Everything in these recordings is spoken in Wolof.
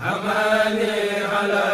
amani ala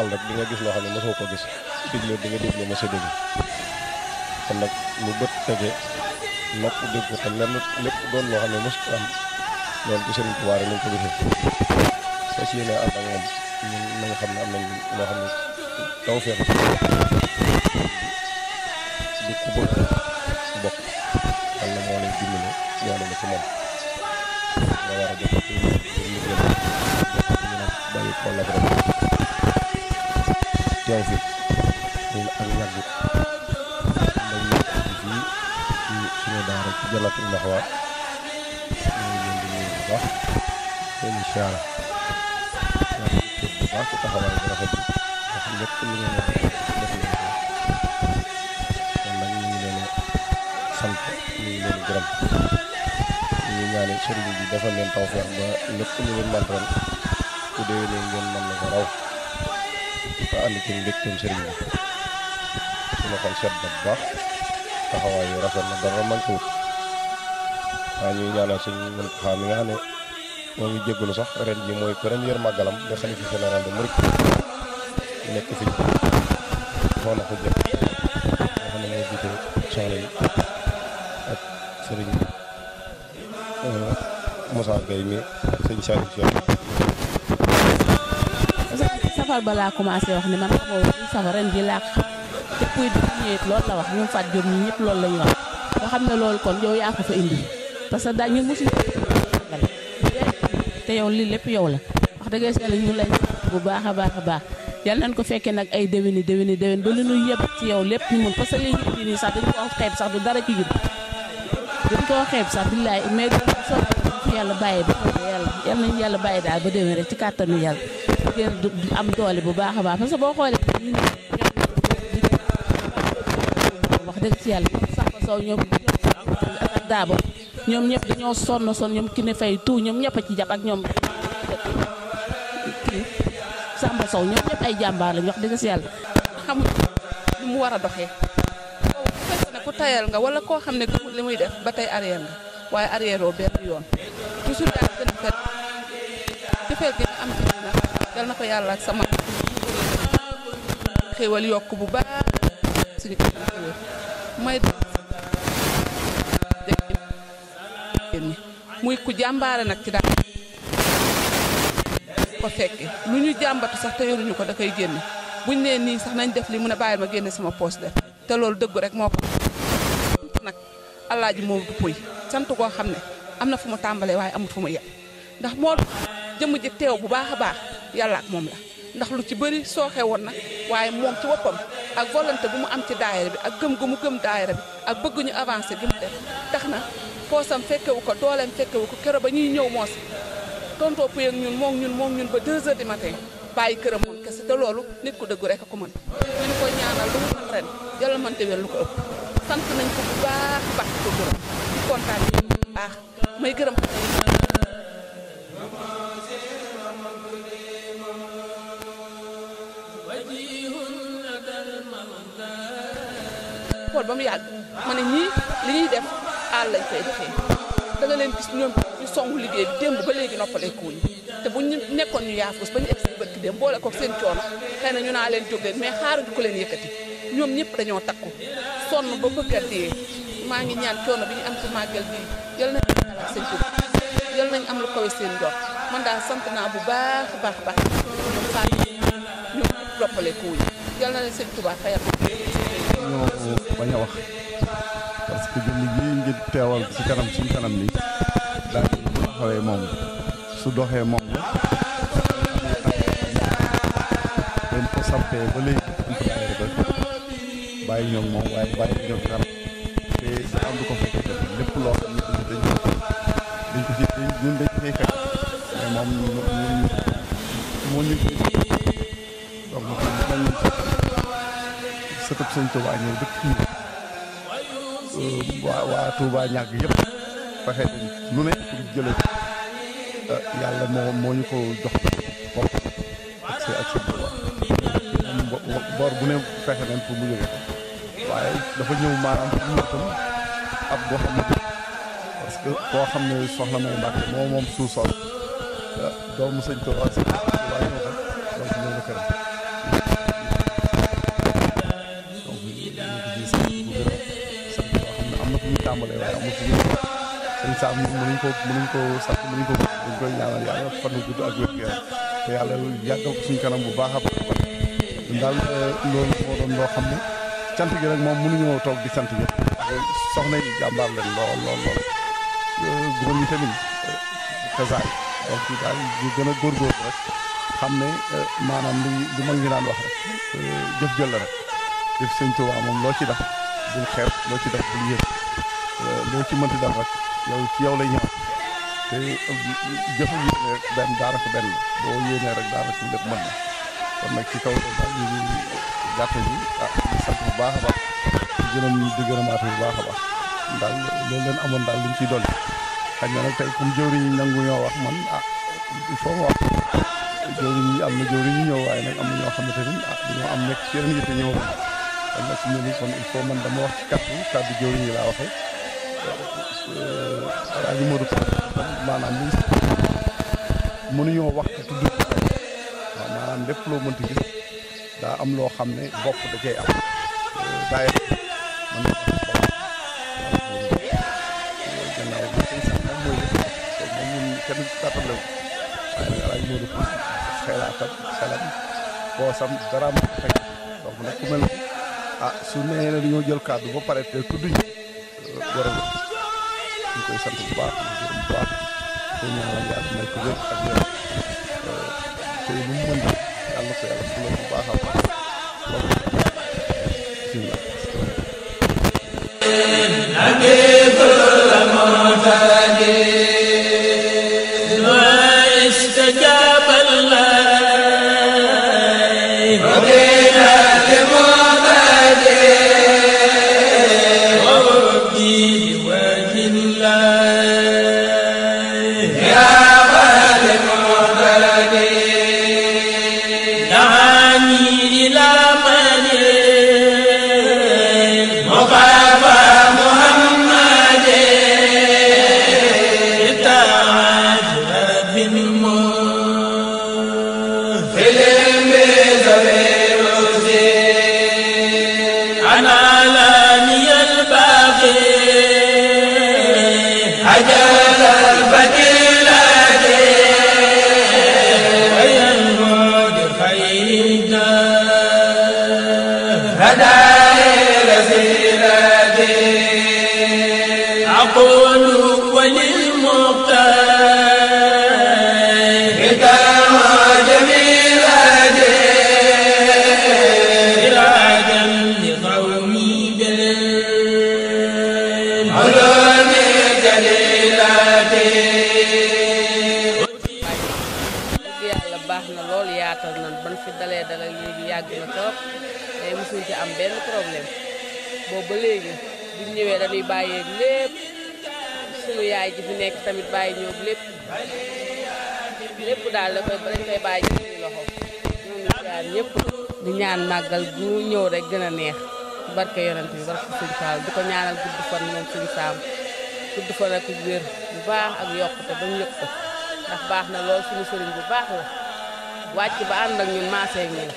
xool rek di nga gis loo xam ne mosoo ko gis diglu di nga diglu mos a dégg kon nag lu bët tege nopp dégg ko te lenn lépp doon loo xam ne mos ko am loolu ci Sëriñ Tuubaa lañ ko gisee fas yéene ànd ak moom ñun nañu xam ne am nañ loo xam ne tawfeex di ku bëgg bokk xam na moo leen dimbale yoone la ci moom nga war a jot ci ñu bàyyi ko la rek teew fi loolu ak yàgg dañ nekk fii ci suñu daara ci Jannatul Maxwa di nuyu bu baax bi ndax lépp ko nag ñu ngi leen sant ñu ngi leen gërëm ñu ngi ñaane sëriñ bi defal leen tawfeex ba lépp lu ngeen mën na ko raw ànd ci mbégteem sëriñ bi suñu xol set na bu baax taxawaay yu rafet na dara man ko wut ñuy ñaanal suñu Muntaxa mi xam ne moo ngi jégalu sax ren ji mooy premier màggalam de xalifa général de Mouride nekk fi moo na ko nga xam ne moo jiite soxla yi ak sëriñ euh, Moussa Gueye mi ak sëñ Saliou Thioune safar ba laa commencé wax ni man xamoo kuy safar ren ji laa xam te kuy di ñëwee loolu la wax ñun Fat Diop ñi ñëpp loolu la ñu wax nga xam ne loolu kon yow yaa ko fa indi parce que daal ñun mosuñu te yow lii lépp yow la wax dëgg yàlla ñu bu baax a baax a baax yal nañ ko fekkee nag ay déwéni déwéni déwén ba li ñu yëpp ci yow lépp ñu mun parce que lii ñu nii sax dañu ko xeeb sax du dara ci jub dañ ko xeeb sax billaay mais so yàlla bàyyi ba daal ba déwén rek ci kàttanu yàlla jàpp ngeen am doole bu baax a baax parce que boo xoolee ñu wax dëgg ci yàlla sax ba sow ñoom ak daabo ñoom ñëpp dañoo sonn sonn ñoom ki ne ñëpp a ci ak ñoom ay jàmbaar lañ wax dëgg si yàlla xamul lu mu war a doxee bu fekkee ne ku tayal nga wala koo xam ne gëmul li muy def ba tey arrière nga waaye arrière oo benn yoon yal na ko yàlla ak yokk bu baax muy ku jàmbaare nag ci daal ko fekke lu ñu jàmbatu sax te yoruñu ko dafay koy génne buñ nee nii sax nañ def li mun a bàyyil ma génne sama poos def te loolu dëggu rek moo ko nag alaaji moo du sant koo xam ne am na fu mu tàmbalee waaye amul fu mu yem ndax moo jëmm ji teew bu baax a baax yàlla ak moom la ndax lu ci bëri sooxe woon na waaye moom ci boppam ak volonté bu mu am ci daayira bi ak gëm gu mu gëm daayira bi ak bëgguñu avancé bi mu def tax na poosam fekkewu ko dooleem fekkewu ko kero ba ñuy ñëw moos tontoo puy ak ñun moom ñun moom ñun ba 2 heures du matin bàyyi këram moom kese te loolu nit ku dëggu rek a ko mën ñu ngi koy ñaanal lu mu mën ren lu ko ëpp sant nañ ko bu baax a baax ko gërëm di kontaan bu xool ba mu yàgg ma ne ñii li ñuy def àll lañ koy defee da nga leen gis ñoom ñu songu liggéey bi démb ba léegi noppaleekuñ te bu ñu nekkoon ñu yaafus ba ñu egsi bët dem boole ko seen coono xëy ñu naa leen jóg leen mais xaarandi ko leen yëkkati ñoom ñëpp dañoo takku sonn ba bëgg a dee maa ngi ñaan coono bi ñu am ci màggal bi yal nañ xalaat seen tur yal nañ am lu kawe seen door man daal sant naa bu baax baax baax ñoom xaar ñoom noppaleekuñ yal na leen seen tubaab ñoo bañ a wax parce que julli gii ngir teewal ci kanam suñ kanam ni daal bu taxawee moom su doxee moom la dañ ko sampee ba léegi ko ñoom moom waaye bàyyi ñoom kanam te am du ko fekkee lépp loo xam ne dañ ko dañ ko ci dañ koy fekk mais moom moo sëñ Touba ñëw dëkk fii euh, waa waa yëpp fexe nu ne pour euh, yàlla moo moo ñu ko jox ak sa ak boor bu ne fexe nañ pour mu jóge ko waaye dafa ñëw maanaam pour mu tam ab boo xam ne parce que koo xam ne soxla may Mbàkke moo moom suuf soxla euh, doomu sëñ Touba tàmbalee waaye amul fi ñu ko sant mënuñ ko dañ koy ñaanal yàlla fan bu gudd bu baax a baax eh, xam ne cant gi rek moom mënuñoo toog di sant ñëpp soxna yi jàmbaar leen lool lool lool eh, góor ñi tamit kasaay eh, donc daal ñu gën a góor góorgóorlu rek xam ne maanaam li li mag ñi daan wax rek jëf jël la rek def sëñ Tuubaa moom loo ci def bul xeeb loo ci def bul yëg Euh, loo ci mënti def rek yow ci yow lay ñëw te euh, jëfu benn daanaka benn boo yéenee rek daanaka lépp mën na kon nag ci kaw loolu daal bi ah di baax a baax di gërëm di baax a baax daal loolu leen amoon daal liñ ciy dolli xëy na nag tey comme jëwriñ ah, il faut ma wax jëwriñ yi am ñëw waaye nag am na ñoo xamante ni ah dañoo am nekk ci yeneen yitte ñëw kon nag su ñu kon dama wax ci kàddu kàddu jëwriñ yi laa waxee aji modou manam li mënu ñoo wax ci tuddu manam lepp lo mënti gis da am lo xamne bop da cey am daay man gannaaw bi ci sax mom moy mom ñun kenn tatam la aji ko sam dara ma fay nak ku ah su neena ñu jël cadre ba paré tuddu koy sant bu baax di gërëm bu baax di ñaanal yàlla may ko wér ak wér eh, te lu mu mën a yàlla ko yàlla fulal bu baax a baax nekk tamit bàyyi ñoom lépp lépp daal dafa dañ koy bàyyi ci loxo ñoom ñaar ñëpp di ñaan màggal bu ñëw rek gën a neex barke yonent bi barke suñu saal ko ñaanal gudd fan moom suñu saam gudd fan ak bu baax ak yokkute ba mu yëg ko baax na lool suñu sëriñ bu baax la wàcc ba ànd ak ñun maasee ak ñun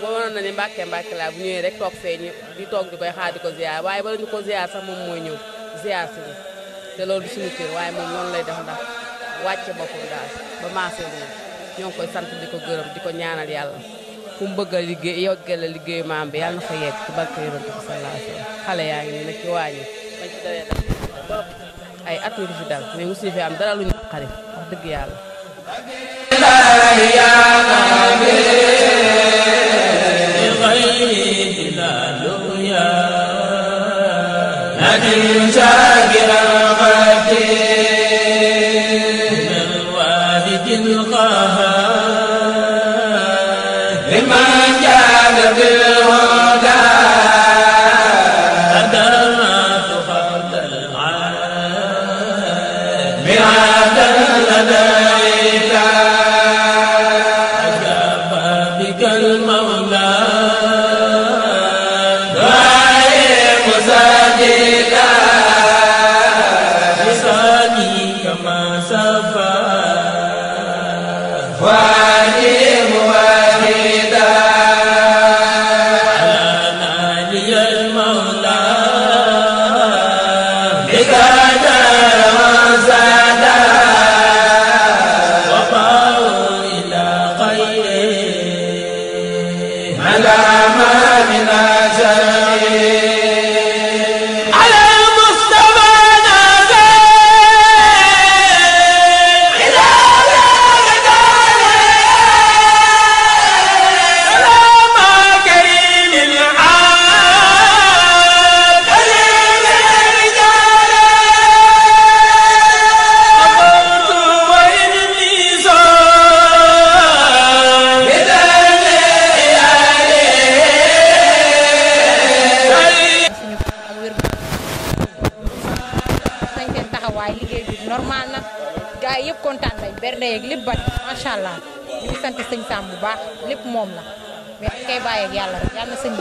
boo mënoon na ni mbàkke mbàkke laa bu ñëwee rek toog fee di toog di koy xaar di ko ziar waaye bala ñu ko ziar sax moom ñëw ziar si te loolu du suñu cër waaye moom noonu lay def ndax wàcce boppam daal ba maase moom ñoo koy sant di ko gërëm di ko ñaanal yàlla ku mu bëgg a liggéey yoggee la liggéeyu maam bi yàlla na ko yegg ci barke yonent bi sallallahu alayhi ngi nii ay at yu dal mais mosu fi am dara lu ñu xari wax dëgg yàlla. شاكرا के bàyyi ak yàlla rek yàlla na sëñ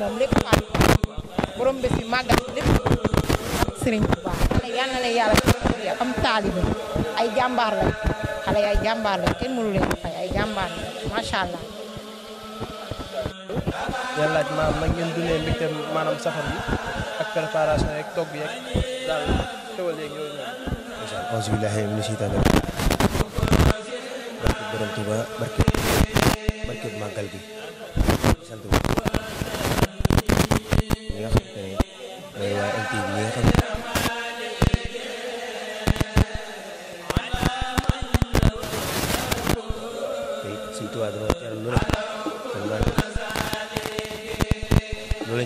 moom lépp fàllu borom bés bi lépp sëriñ bu baax xale yàlla na la am taalibe ay jàmbaar la xale ay jàmbaar la kenn mënu leen fay ay jàmbaar la macha allah. yàlla ma ma ngeen dundee mbégte maanaam safar bi ak préparation yeeg togg yeeg daal xewal yeeg yooyu noonu. incha allah borom Touba barke barke màggal gi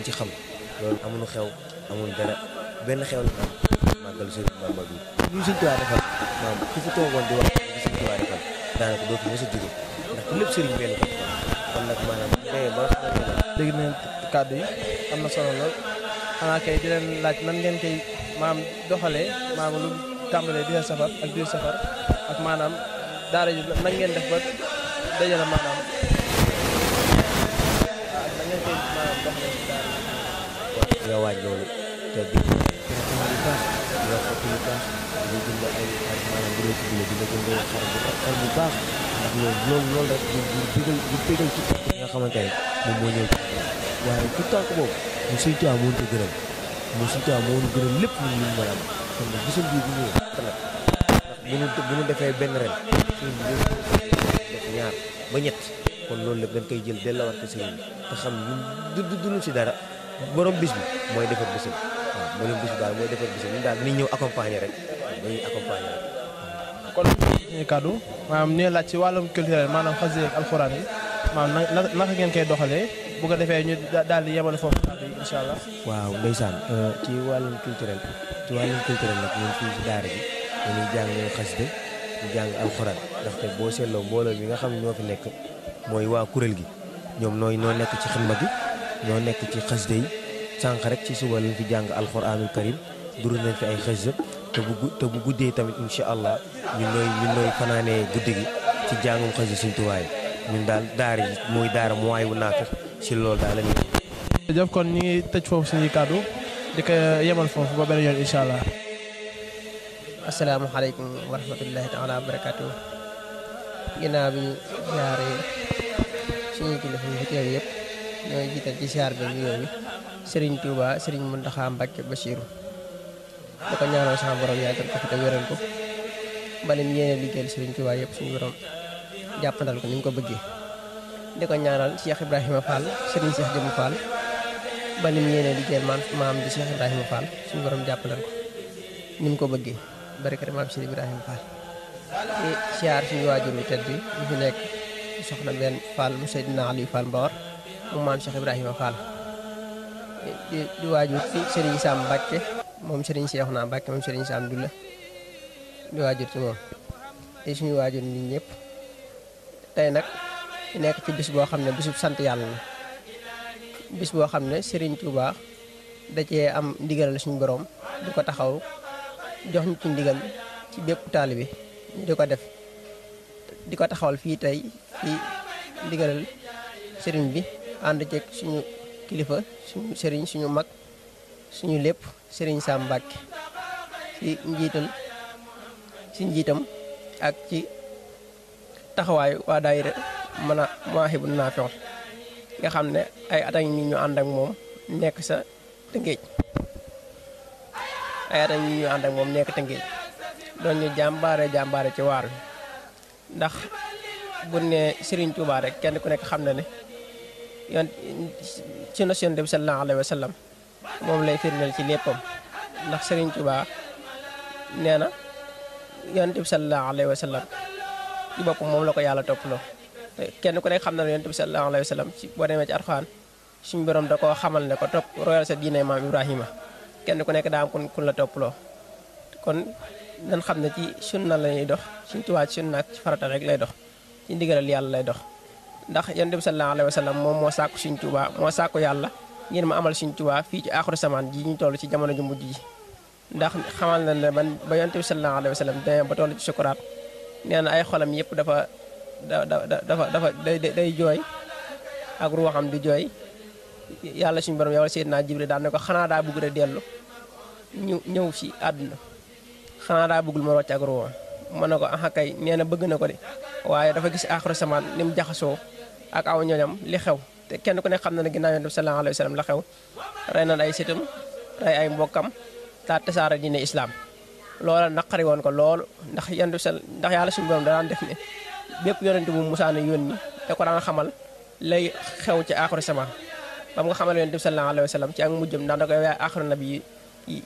ci xam loolu amuñu xew amuñu dara benn xew la am màggal Sëñ maam ku fi toogoon di wax Sëñ Touba defal daanaka dootu mos a jóge ndax lépp sëriñ benn ko kon nag maanaam tey ba dégg am na solo lool xanaa kay di laaj nan ngeen koy maam doxalee maam di safar ak biir ak maanaam daara ji nan ngeen ba ah, nga waaj loolu jadi kreativitas kreativitas bunda air karena dulu sebelum bunda bunda karena bunda kan bunda belum belum belum dipegang dipegang kita tengah kawan tay mempunyai wah kita aku mau musim itu amun tu geram musim itu amun geram lip minum malam sambil bisa di bunda terus bunuh tu bunuh defay beneran ñaar ba ñett kon loolu lépp dañ koy jël dellawat ko dulu dulu xam du du du si dara borom bis bi mooy defar bisam mooy leen bisu daal mooy defar bisu daal dañuy ñëw accompagner rek dañuy accompagner rek. kon ñu kàddu maanaam laaj ci wàllum culturel maanaam xasida ak alxuraan yi maanaam naka ngeen koy doxalee bu ko defee ñu daal di yemale foofu kàddu yi allah. waaw ndeysaan euh, ci wàllum culturel ci wàllum culturel nag ñun fii ci daara bi dañuy jàng xasida ñu jàng alxuraan ndaxte boo seetloo mbooloo bi nga xam ñoo fi nekk mooy waa kuréel gi ñoom nooy noo nekk ci xidma gi ñoo nekk ci xasida sànq rek ci suba lañ fi jàng alxuraanul karim duru nañ fi ay xëj te bu guddee tamit incha allah ñun nooy fanaanee guddi gi ci jàngum xëj suñ tuwaay ñun daal daara yi mooy daara mu waay wu naafeq si loolu daal la ñuy jëf kon ñu ngi tëj foofu suñuy kàddu di ko yemal foofu ba benn yoon incha allah. asalaamaaleykum wa rahmatullahi taala barakaatu. ginnaaw bi jaaree suñu kilifa yi fi ñooy jiital ci siyaar bi yooyu. sering Touba sering Mountakha Mbacké Bassirou da ko ñaanal sama borom yàggal ko fi te wéral ko balim yéene liggéeyal Serigne Touba yëpp suñu borom jàppandal ko ni ñu ko bëggee di ko ñaanal Cheikh Ibrahima Fall Serigne Cheikh Jëmu Fall balim yéene liggéeyal maam maam di Cheikh Ibrahima Fall suñu borom jàppandal ko ni mu ko bëggee barkat maam Cheikh Ibrahima Fall di siyaar suñu waajuru tedd bi fi nekk soxna benn Fall mu Seydina Aliou Fall Mbawar mu maam di waaju ci serigne sam mbacke ya. mom serigne cheikhna ke, ya. mom serigne sam dulla di waaju ci mom di suñu waaju ni ñepp tay nak nek ci bis bo xamne bisub sante yalla buah bis bo xamne serigne touba da ci am digal suñu borom du ko taxaw jox ñu ci ndigal ci bepp talibi ñu diko def diko taxawal fi tay fi digal serigne bi and ci suñu kilifa suñu serigne suñu mag suñu lepp serigne Sam Mbacke ci njital ci njitam ak ci taxaway wa daire mana mahibun nafiq nga xamne ay atay ñi ñu and ak mom nek sa tëngéej ay atay ñi ñu and ak mom nek tëngéej doon ñu jambaare jambaare ci war ndax bu ne Serigne Touba rek kenn ku nek ne sunna Yonent bi sallallahu alayhi wa sallam moom lay firndeel ci léppam ndax sëriñ Touba nee na Yonent bi sallallahu alayhi wa sallam ci boppam moom la ko yàlla toppaloo kenn ku nekk xam na ne Yonent bi sallallahu alayhi wa sallam ci boo demee ci Alxuraan suñu borom da koo xamal ne ko topp royal sa diine maam Ibrahima kenn ku nekk daa kun kun la toppaloo kon nan xam ne ci sunna la ñuy dox Serigne Touba ci sunna ak ci farata rek lay dox ci ndigalal yàlla lay dox. ndax yonent bi sallallahu alayhi wa sallam moom moo sàkku Sëriñ Tuubaa moo sàkku yàlla ngir ma amal Sëriñ Tuubaa fii ci aaxiru samaan ji ñu toll ci jamono ju mujj ji ndax xamal na ne ban ba yonent bi sallallahu alayhi wa sallam demee ba toll ci sukuraat nee na ay xolam yëpp dafa da dafa dafa day day jooy ak ruuxam di jooy yàlla suñu borom yow Seydina Jibril daan ne ko xanaa daa bëgg a dellu ñu ñëw si àdduna xanaa daa bëggul ma rocc ak ruuxam mu ne ko ah nee na bëgg na ko de waaye dafa gis aaxiru samaan ni jaxasoo. ak aw ñoñam li xew te kenn ku ne xam na ne ginnaaw yonent bi sallallahu alayhi wa sallam la xew rey nan ay sëtam rey ay mbokkam daa tasaara diine islaam loola naqari woon ko lool ndax yonent bi sal ndax yàlla suñu borom daan def ne bépp yonent bu musaana yónni da ko daan xamal lay xew ci aaxiru samaan ba mu nga xamal yonent bi sallallahu alayhi wa sallam ci ak mujjam ndax da ko yaay aaxiru nabi yi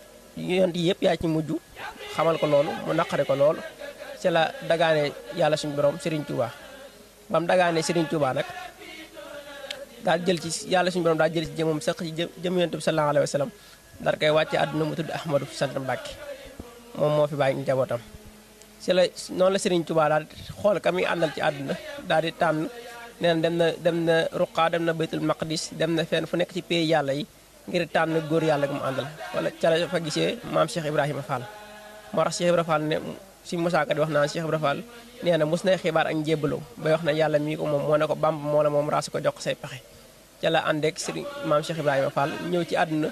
yonent yi yëpp yaa ci mujj xamal ko loolu mu naqari ko lool ci la dagaane yàlla suñu borom Serigne Touba bam dagaane Serigne Touba nag daal jël ci yàlla suñu borom daal jël ci jëmum sëq ci jëm yonent bi sallallahu alayhi wa sallam daal koy wàcce àdduna mu tudd Ahmadou sant Mbàkke moom moo fi bàyyi njabootam si la noonu la Serigne Touba daal xool ka muy àndal ci àdduna daal di tànn nee na dem na dem na Ruqaa dem na Baytul Maqdis dem na fenn fu nekk ci pays yàlla yi ngir tànn góor yàlla gu mu àndal wala ca la fa gisee maam Cheikh Ibrahima Fall moo tax Cheikh Ibrahima si Moussa Ka di wax na Cheikh Ibra Fall nee na mos ak njébbaloo bay wax na yalla mi ko mom mo nako bamb mo la mom ras ko jox say pexe ci la andek serigne mam Cheikh ibrahim Fall ñew ci aduna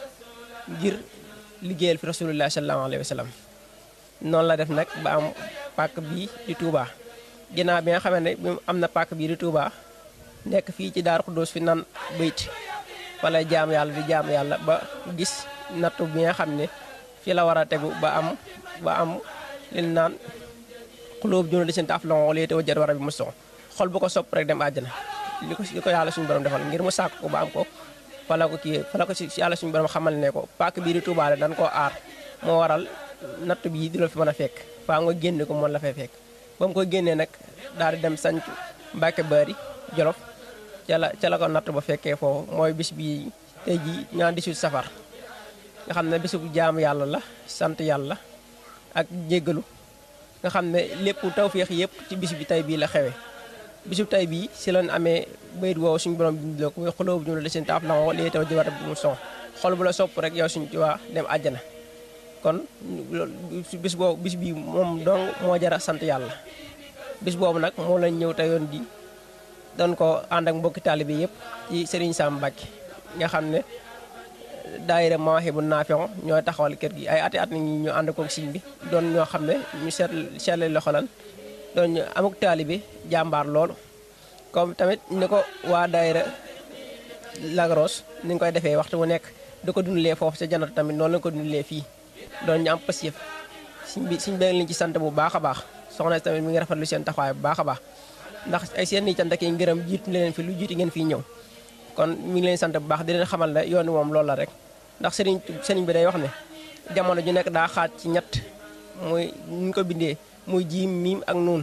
ngir liggeel fi rasulullah sallallahu alaihi wasallam non la def nak ba am pak bi di Touba gina bi nga xamene ne amna pak bi di Touba nek fi ci dar Xuddoos fi nan beyt wala jaam yalla di jaam yalla ba gis natou bi nga xamne fi la wara teggu ba am ba am li naan xulóob juna di seen taaf longo lii te wajjar war bi mu soxla xol bu ko sopp rek dem na li ko li ko yàlla suñu borom defal ngir mu sàkk ko ba am ko fala ko kii fala ko si yàlla suñu borom xamal ne ko paaka bii di tuubaale dañ koo aar moo waral natt bii di la fi mën a fekk faa nga génne ko moom la fay fekk ba mu ko génnee nag daal di dem sanc Mbàkke Baari Jolof ca la ca la ko natt ba fekkee foofu mooy bis bi tey ji ñaan di safar nga xam ne bisu jaamu yàlla la sant yàlla ak jéggalu nga xamné lépp tawféex yépp ci bisbi bi tay bi la xewé bisbi tay bi ci lan amé bayit wo suñu borom bindu lako ko muy ñu la seen taaf la ngoo lii di jiwaat bu mu xol bu la sopp rek yow suñu dem aljana kon bis bo bis bi mom dong mo jara sant yalla bis bobu nak mo lañ ñew tayon di doon ko and ak mbokk talibi yépp ci Serigne Sam nga xamné daayira bu Naafi'u ñooy taxawal kër gi ay ati at nañu ñu ànd koog sëñ bi doon ñoo xam ne ñu seet seetlu loxo lan doon ñu amuk taalibe jàmbaar loolu comme tamit ni ko waa daayira Lagros ni koy defee waxtu bu nekk da ko dundalee foofu sa janatu tamit noonu lañ ko dundalee fii doon ñu am pës yëf sëñ bi sëñ bee liñ ci sant bu baax a baax soxna si tamit mi ngi lu seen taxawaay bu baax a baax ndax ay seen i cant ak ngërëm jiitu leen fi lu jiitu ngeen fii ñëw kon mi ngi leen sant bu baax di leen xamal ne yoon wi moom loolu la rek ndax sëriñ sëriñ bi day wax ne jamono ju nekk daa xaaj ci ñett muy ñu ko bindee muy jiim miim ak nuun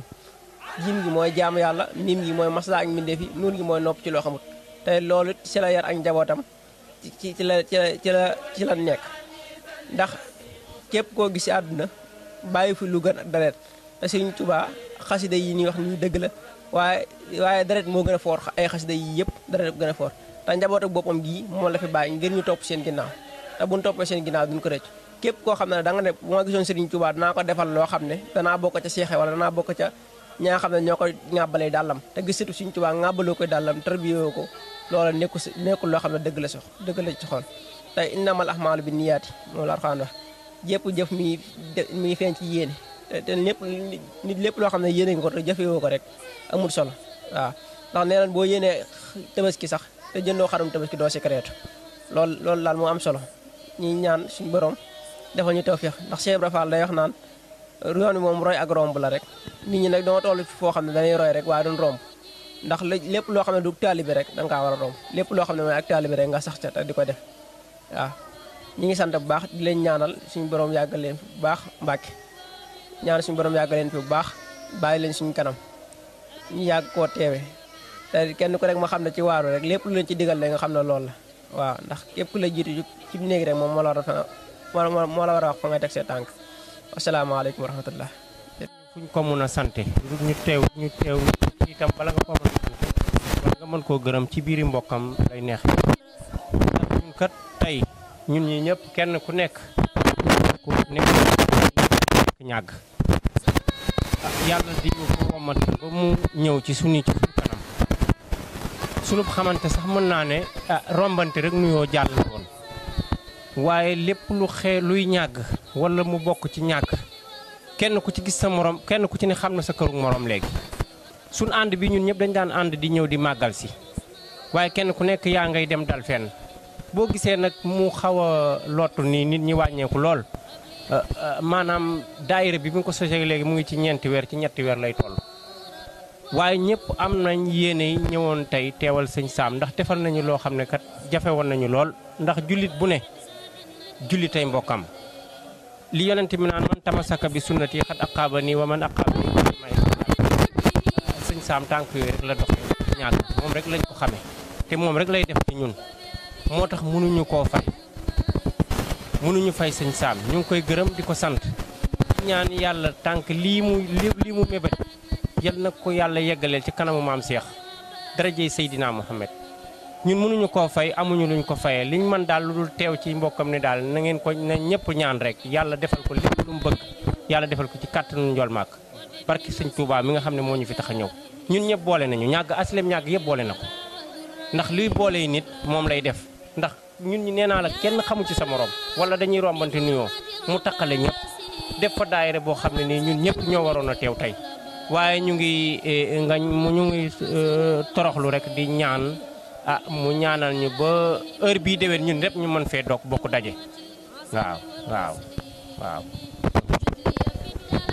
jiim gi mooy jaamu yàlla miim gi mooy masla ak mbindee fi nuun gi mooy nopp ci loo xamut te loolu ci la yar ak njabootam ci ci la ci la ci la nekk ndax képp koo gis ci àdduna bàyyi fu lu gën ak deret te sëriñ Tuubaa xasida yi ñuy wax ñu dëgg la waaye waaye deret moo gën a foor ay xasida yi yëpp deret gën a foor te njaboot ak boppam gii moom la fi bàyyi ngir ñu topp seen ginnaaw te buñ toppee seen ginnaaw duñ ko rëcc képp koo xam ne da nga ne bu ma gisoon Serigne Touba danaa ko defal loo xam ne danaa bokk ca seexe wala danaa bokk ca ñi nga xam ne ñoo koy ŋàbbalee dàllam te gis surtout Serigne Touba ŋàbbaloo koy dàllam tarbiyoo ko loola nekku nekkul loo xam ne dëgg la sox dëgg la ci xool mal innamal ahmaalu bi niyaati moom la Alxuraan wax jépp jëf mi mi feeñ ci yéene te lépp nit lépp loo xam ne yéene ko te jëfewoo ko rek amul solo waaw ndax nee na boo yéenee sax te jëndoo xarum tabaski doo si créetu lool loolu daal moo am solo ñuy ñaan suñu borom dafa ñu tawfeex ndax Cheikh Ibra Fall day wax naan yoon wi moom roy ak romb la rek nit ñi nag doo toll foo xam ne dañuy roy rek waaye duñ romb ndax lépp loo xam ne du taali bi rek da nga war a romb lépp loo xam ne mooy ak taali bi rek nga sax ca te di ko def waaw ñi ngi sant bu baax di leen ñaanal suñ borom yàgg leen fi bu baax Mbàkke ñaan suñ borom yàgg leen fi bu baax bàyyi leen suñu kanam ñu yàgg koo teewe Eh, kenn ku rek ma xam ne ci waaru rek lépp lu leen ci digal la nga xam ne loolu la waaw ndax képp ku la jiitu ci néeg rek moom moo la war a moo la war a wax fa nga teg tank tànk asalaamaaleykum wa rahmatullah fuñ ko mun a sante ñu teew ñu teew itam bala nga ko mën nga mën koo gërëm ci biiri mbokkam lay neex ñun kat tey ñun ñi ñëpp kenn ku nekk ku nekk ñàgg ah, yàlla di ñu ko womat ba mu ñëw ci sunu sunub xamanté sax mën ah, na né rombanté rek nuyo jall won waaye lépp lu xé luy ñag wala mu bok ci ñàgg kenn ku ci gis sa morom kenn ku ci ni xamna sa këru morom légui sun and bi ñun ñëp dañ daan and di ñëw di magal si waaye kenn ku nekk ya ngay dem dal fenn bo gisé nak mu xawa lotu ni nit ñi ko lool ah, ah, manam daayira bi bu ko sojé légui mu ngi ci ñeenti wër ci ñetti wër lay toll waye ñepp am nañ yene ñewon tay teewal sëñ sam ndax defal nañu lo xamné kat jafe won nañu lool ndax julit bu julit tay mbokam li yonent mi naan man tamasaka bi sunnati khat aqabani wa man aqabani may sëñ sam tank yooyu rek la doxee ñaan mom rek lañ ko xamé té mom rek lay def ci ñun motax mënu ñu ko fay ñu fay sëñ sam ñu ngi koy gëreem di ko sant ñaan yalla tank li mu li mu mebe yal na ko yàlla yeggaleel ci kanamu maam Cheikh darajey Seydina Mohamed ñun mënuñu koo fay amuñu luñ ko fayee liñ mën daal lu dul teew ci mbokkam ni daal na ngeen ko na ñëpp ñaan rek yàlla defal ko lépp lu mu bëgg yàlla defal ko ci kàttanu njool màkk barki sëñ Touba mi nga xam ne moo ñu fi tax a ñëw ñun ñëpp boole nañu ñàgg aslem ñàgg yëpp boole na ko ndax luy boole yi nit moom lay def ndax ñun ñi nee naa la kenn xamu ci sa moroom wala dañuy rombante nuyoo mu taqale ñëpp def fa boo xam ne nii ñun ñëpp ñoo waroon a teew tey waye ñu ngi eh, nga ñu ngi eh, toroxlu rek di ñaan ah mu ñaanal ñu ba heure bi dewe ñun rep ñu mën fe dok bokku dajé waaw waaw waaw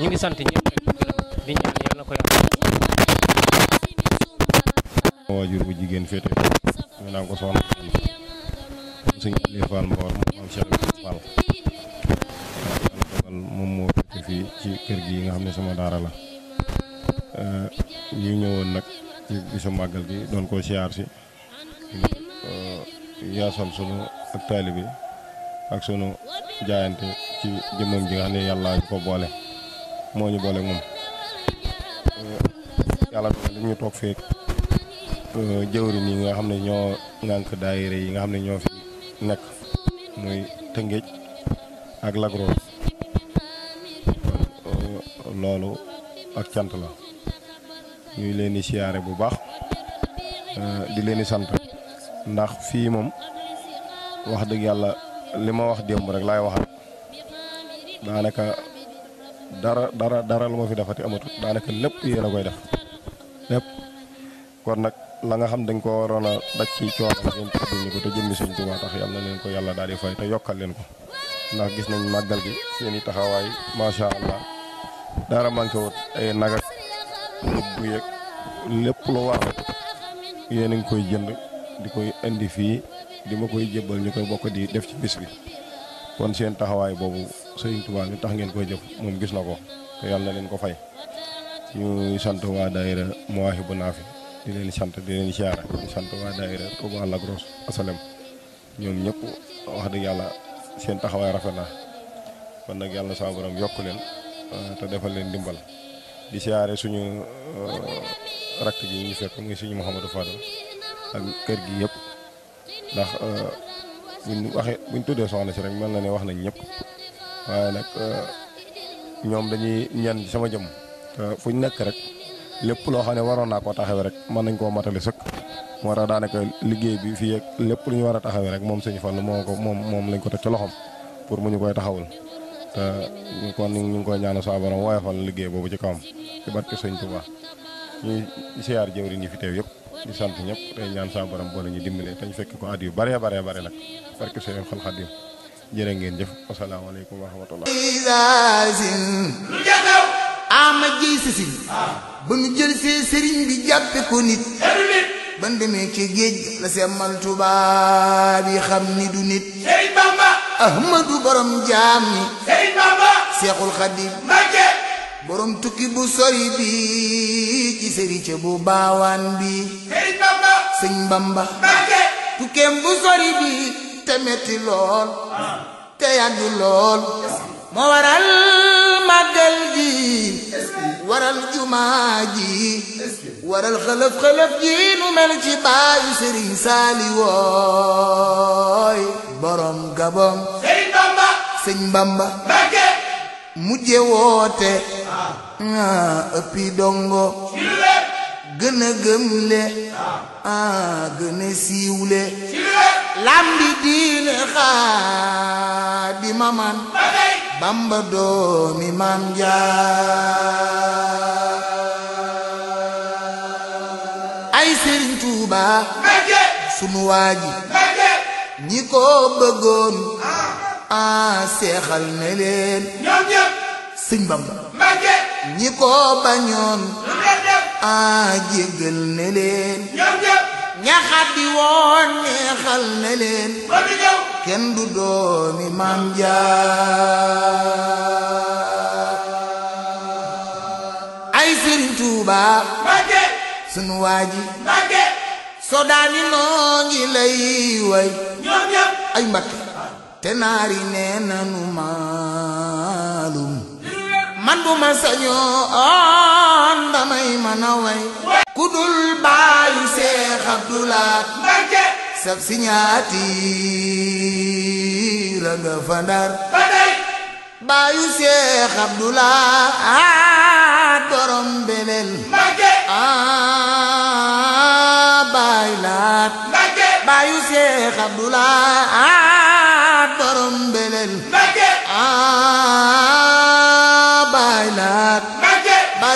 ñu ngi sant ñëpp di ñaan yal na ko yàlla waajur bu jigen fete ñu naan ko soxna suñu Ali Fall Mbor moom am Cheikh Fall moom moo féete ci kër gi nga xam sama dara la Euh, ñu ñëwoon nag ci bisu màggal gi doon ko siyaar si euh, yaasal sunu ak taalibe ak sunu jaayante ci jëmmam ji nga xam ne yàlla ñu ko boole moo ñu boole moom euh, yàlla doon li toog feek jëwriñ yi nga xam ne ñoo ngànk daayira yi nga xam ne ñoo fi nekk muy Tëngéej ak Lagrosse loolu ak cant la ñuy leen di siyaare bu baax eh, di leen di sant ndax fii moom wax dëgg yàlla li ma wax démb rek laay waxaat daanaka dara dara dara lu ma fi defati amatu daanaka lépp yéen a koy def lépp kon nag la nga xam dañ ko waroon a daj ci coono ngeen tudd ñu ko te jëmmi suñ Tuubaa tax yàlla na leen ko yàlla daal di fay te yokkal leen ko ndax gis nañ màggal gi seen i taxawaay macha allah dara manqué wut ay naga rëbb yeeg lépp lu war yéen a ngi koy jënd di koy indi fii di ma koy jébbal ñu koy bokk di def ci bis bi kon seen taxawaay boobu Sëriñ Tuubaa mi tax ngeen koy jëf moom gis na ko te yàlla leen ko fay ñu sant waa daayira Mawahibou Nafih di leen sant di leen siyaare di sant waa daayira Touba La Grosse Asalem ñoom ñëpp wax dëgg yàlla seen taxawaay rafet na kon nag yàlla saa borom yokk leen te defal leen ndimbal di siyaare suñu uh, rakk gi ñu fekk muy suñu Mouhamadou Fadal ak kër gi yépp ndax uh, buñ waxé buñ tuddé soxna ci rek mel na né wax nañ ñëpp waye nak uh, ñom dañuy ñan ci sama jëm fuñ nekk rek lepp lo xam waro na ko koo rek man nañ ko matali sëkk mo ra daanaka liggéey bi fi ak lepp lu ñu wara a rek mom sëñ Fall moko mom mom lañ ko teg ci loxom pour mu ñu koy taxawul te kon ñu ngi koy ñaanal borom woyofal liggéey boobu ci kawam ci barke sëñ Tuubaa ñuy siyaar jëwriñ yi fi teew yëpp di sant ñëpp tey ñaan saa borom boole ñu dimbale te fekk ko at barke Xol Xadim ngeen jëf wa rahmatullah jël bi ko nit ban ci la bi ni du nit ahmadu borom jaam ñi bamba seexul xadim mbakke borom tukki bu sori bi ci sërice baawaan bi sëñ bamba sëñ bamba mbakke tukkeem bu sori bi te metti lool ah. te yàgg lool moo waral màggal gi waral jumaa ji waral xëlëf xëlëf ji nu mel ci baayu Serigne Saali wooy borom gabon Serigne Bamba mujje woote ëppi dongo gën a gëmle gën a siiwle lambi diine xaadima man bamba doomi maam jaar ay sëriñ tuuba sunu waaji ñi ko bëggoon a ah, seexal ne leen sëñ bamba ñi ko bañoon a ah, jéggal ne leen ñaxat di woon neexal na leen kenn du doomi maam jaar ay Sëriñ Tuubaa sunu waaji soo daani noo ngi lay way ay Mbakke te naari nee nanu maalum man bu ma sañoon damay mën a ku dul baayu Seex Abdulaat Mbàkke sab signature fa Ndar baayu Seex Abdulaat borom belel Mbàkke ah baay laat baayu Seex Abdulaat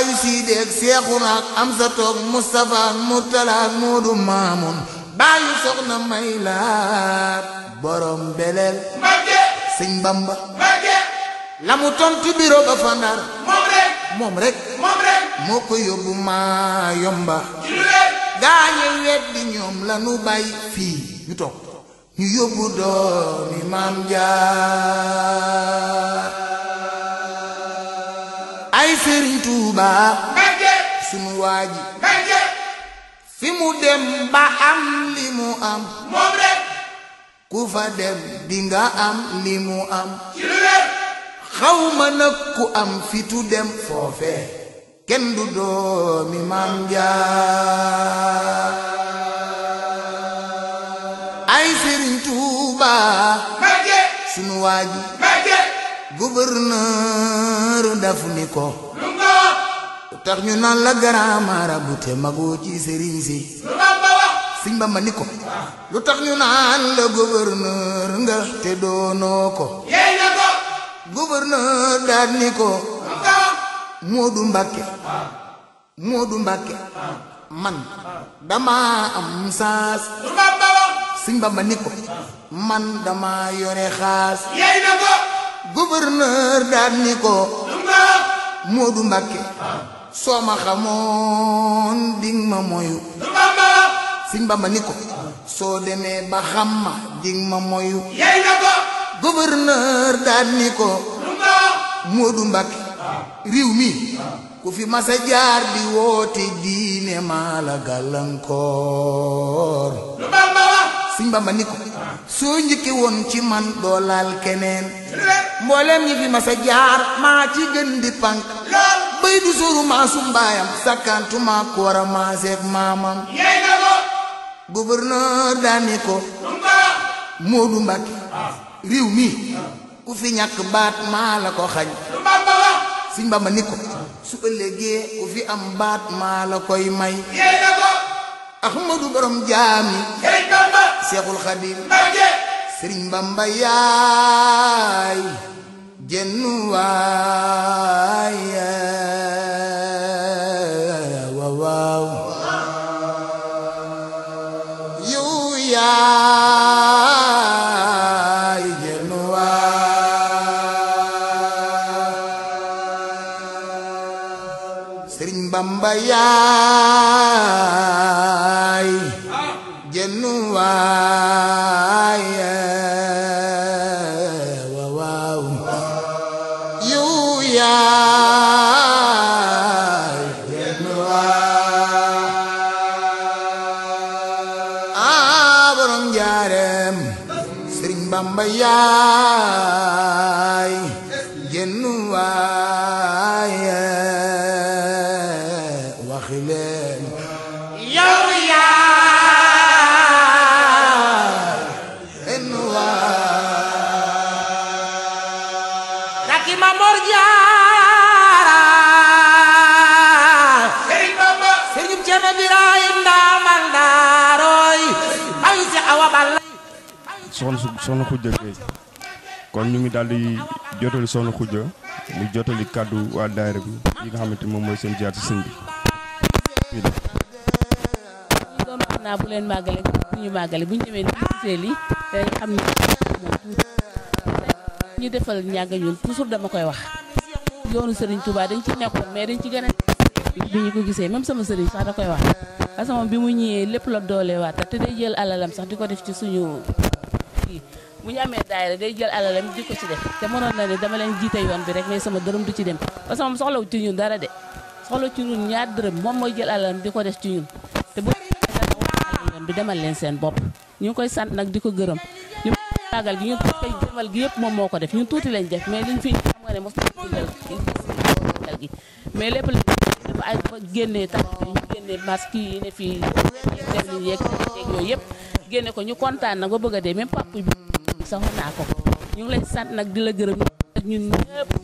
baayu siideeg seexuna ak amsa toog Mustafa ak Murtala ak Moodu Maamun baayu soxna may laat borom beleel Mbàkke sëñ Bamba Mbàkke la mu tontu biro ba fandar moom rek moom rek moom rek moo ko yóbbu maa yomba gaañe wet di ñoom la nu bàyyi fii ñu toog ñu yóbbu doomi maam jaar ay Serigne Touba. Mbacke fi mu dem ba am li mu am. moom rek. ku fa dem di nga am li mu am. ci lu wér. xaw ma ku am fitu dem. foofee kenn du doomi maam Jaar. ay Serigne Touba. Mbacke sunu waa ji. Mbacke gouverneur. maru daf lu tax ñu naan la grand marabout te magoo ci sëriñ si sëñ Bamba ni ko lu tax ñu naan la gouverneur nga te doonoo ko yey na ko gouverneur daal ni ko Moodu Mbàkke Moodu Mbàkke man dama am saas sëñ Bamba ni ko man dama yore xaas yey na ko gouverneur daal ni ko Moodu Mbàkke soo ma xamoon ding ma moyu Sëñ Bamba ni ko soo demee ba xam ma ding ma moyu yey na ko gouverneur daal ni ko Moodu Mbàkke réew mi ku fi masa jaar di woote diine maa la gàllankoor suñ bamba ni ko soo njëkke woon ci man doo laal keneen mboolem ñi fi ma sa jaar maa ci gën di pànk bay du sóoru maa su mbaayam sakkantuma ko wara a maaseeg maamam gouverneur daani ko Moodu Mbàkke réew mi ku fi ñàkk baat maa la ko xañ suñ bamba ni ko su ëllëgee ku fi am baat maa la koy may ahmadu borom jaami sëriñ bamba seexul xadim mbakke sëriñ bamba yaay jenn waay xujja kon ñu ngi daal di jotali soxna xujja mu jotali kàddu waa daayira bi yi nga xamante moom mooy seen jaar ci sëñ bi naa bu leen màggale bu ñu màggale bu ñu ñëwee nii gisee lii dañ xam ne ñu defal njàng ñun toujours dama koy wax yoonu Serigne Touba dañ ci nekkoon mais dañ ci gën a bi ñu ko gisee même sama sëriñ sax da koy wax parce bi mu ñëwee lépp la dooleewaat te day jël alalam sax di ko def ci suñu bu ñu amee daayira day jël alalam di ko ci def te mënoon na ne dama leen jiite yoon bi rek mais sama dërëm du ci dem parce que moom soxlawu ci dara de soxla ci ñun ñaar dërëm moom mooy jël alalam di ko def ci ñun te bu yoon demal leen seen bopp ñu koy sant nag di ko gërëm ñu màggal gi ñu yëpp moom moo ko def ñun tuuti lañ def mais liñ fi xam nga ne mos màggal gi mais lépp lañ dafa ay dafa génnee tax fii dem liñ yooyu yëpp génne ko ñu kontaan na nga bëgg a dee même papa bi soxna naa ko ñu ngi leen sant nag di la gërëm ak ñun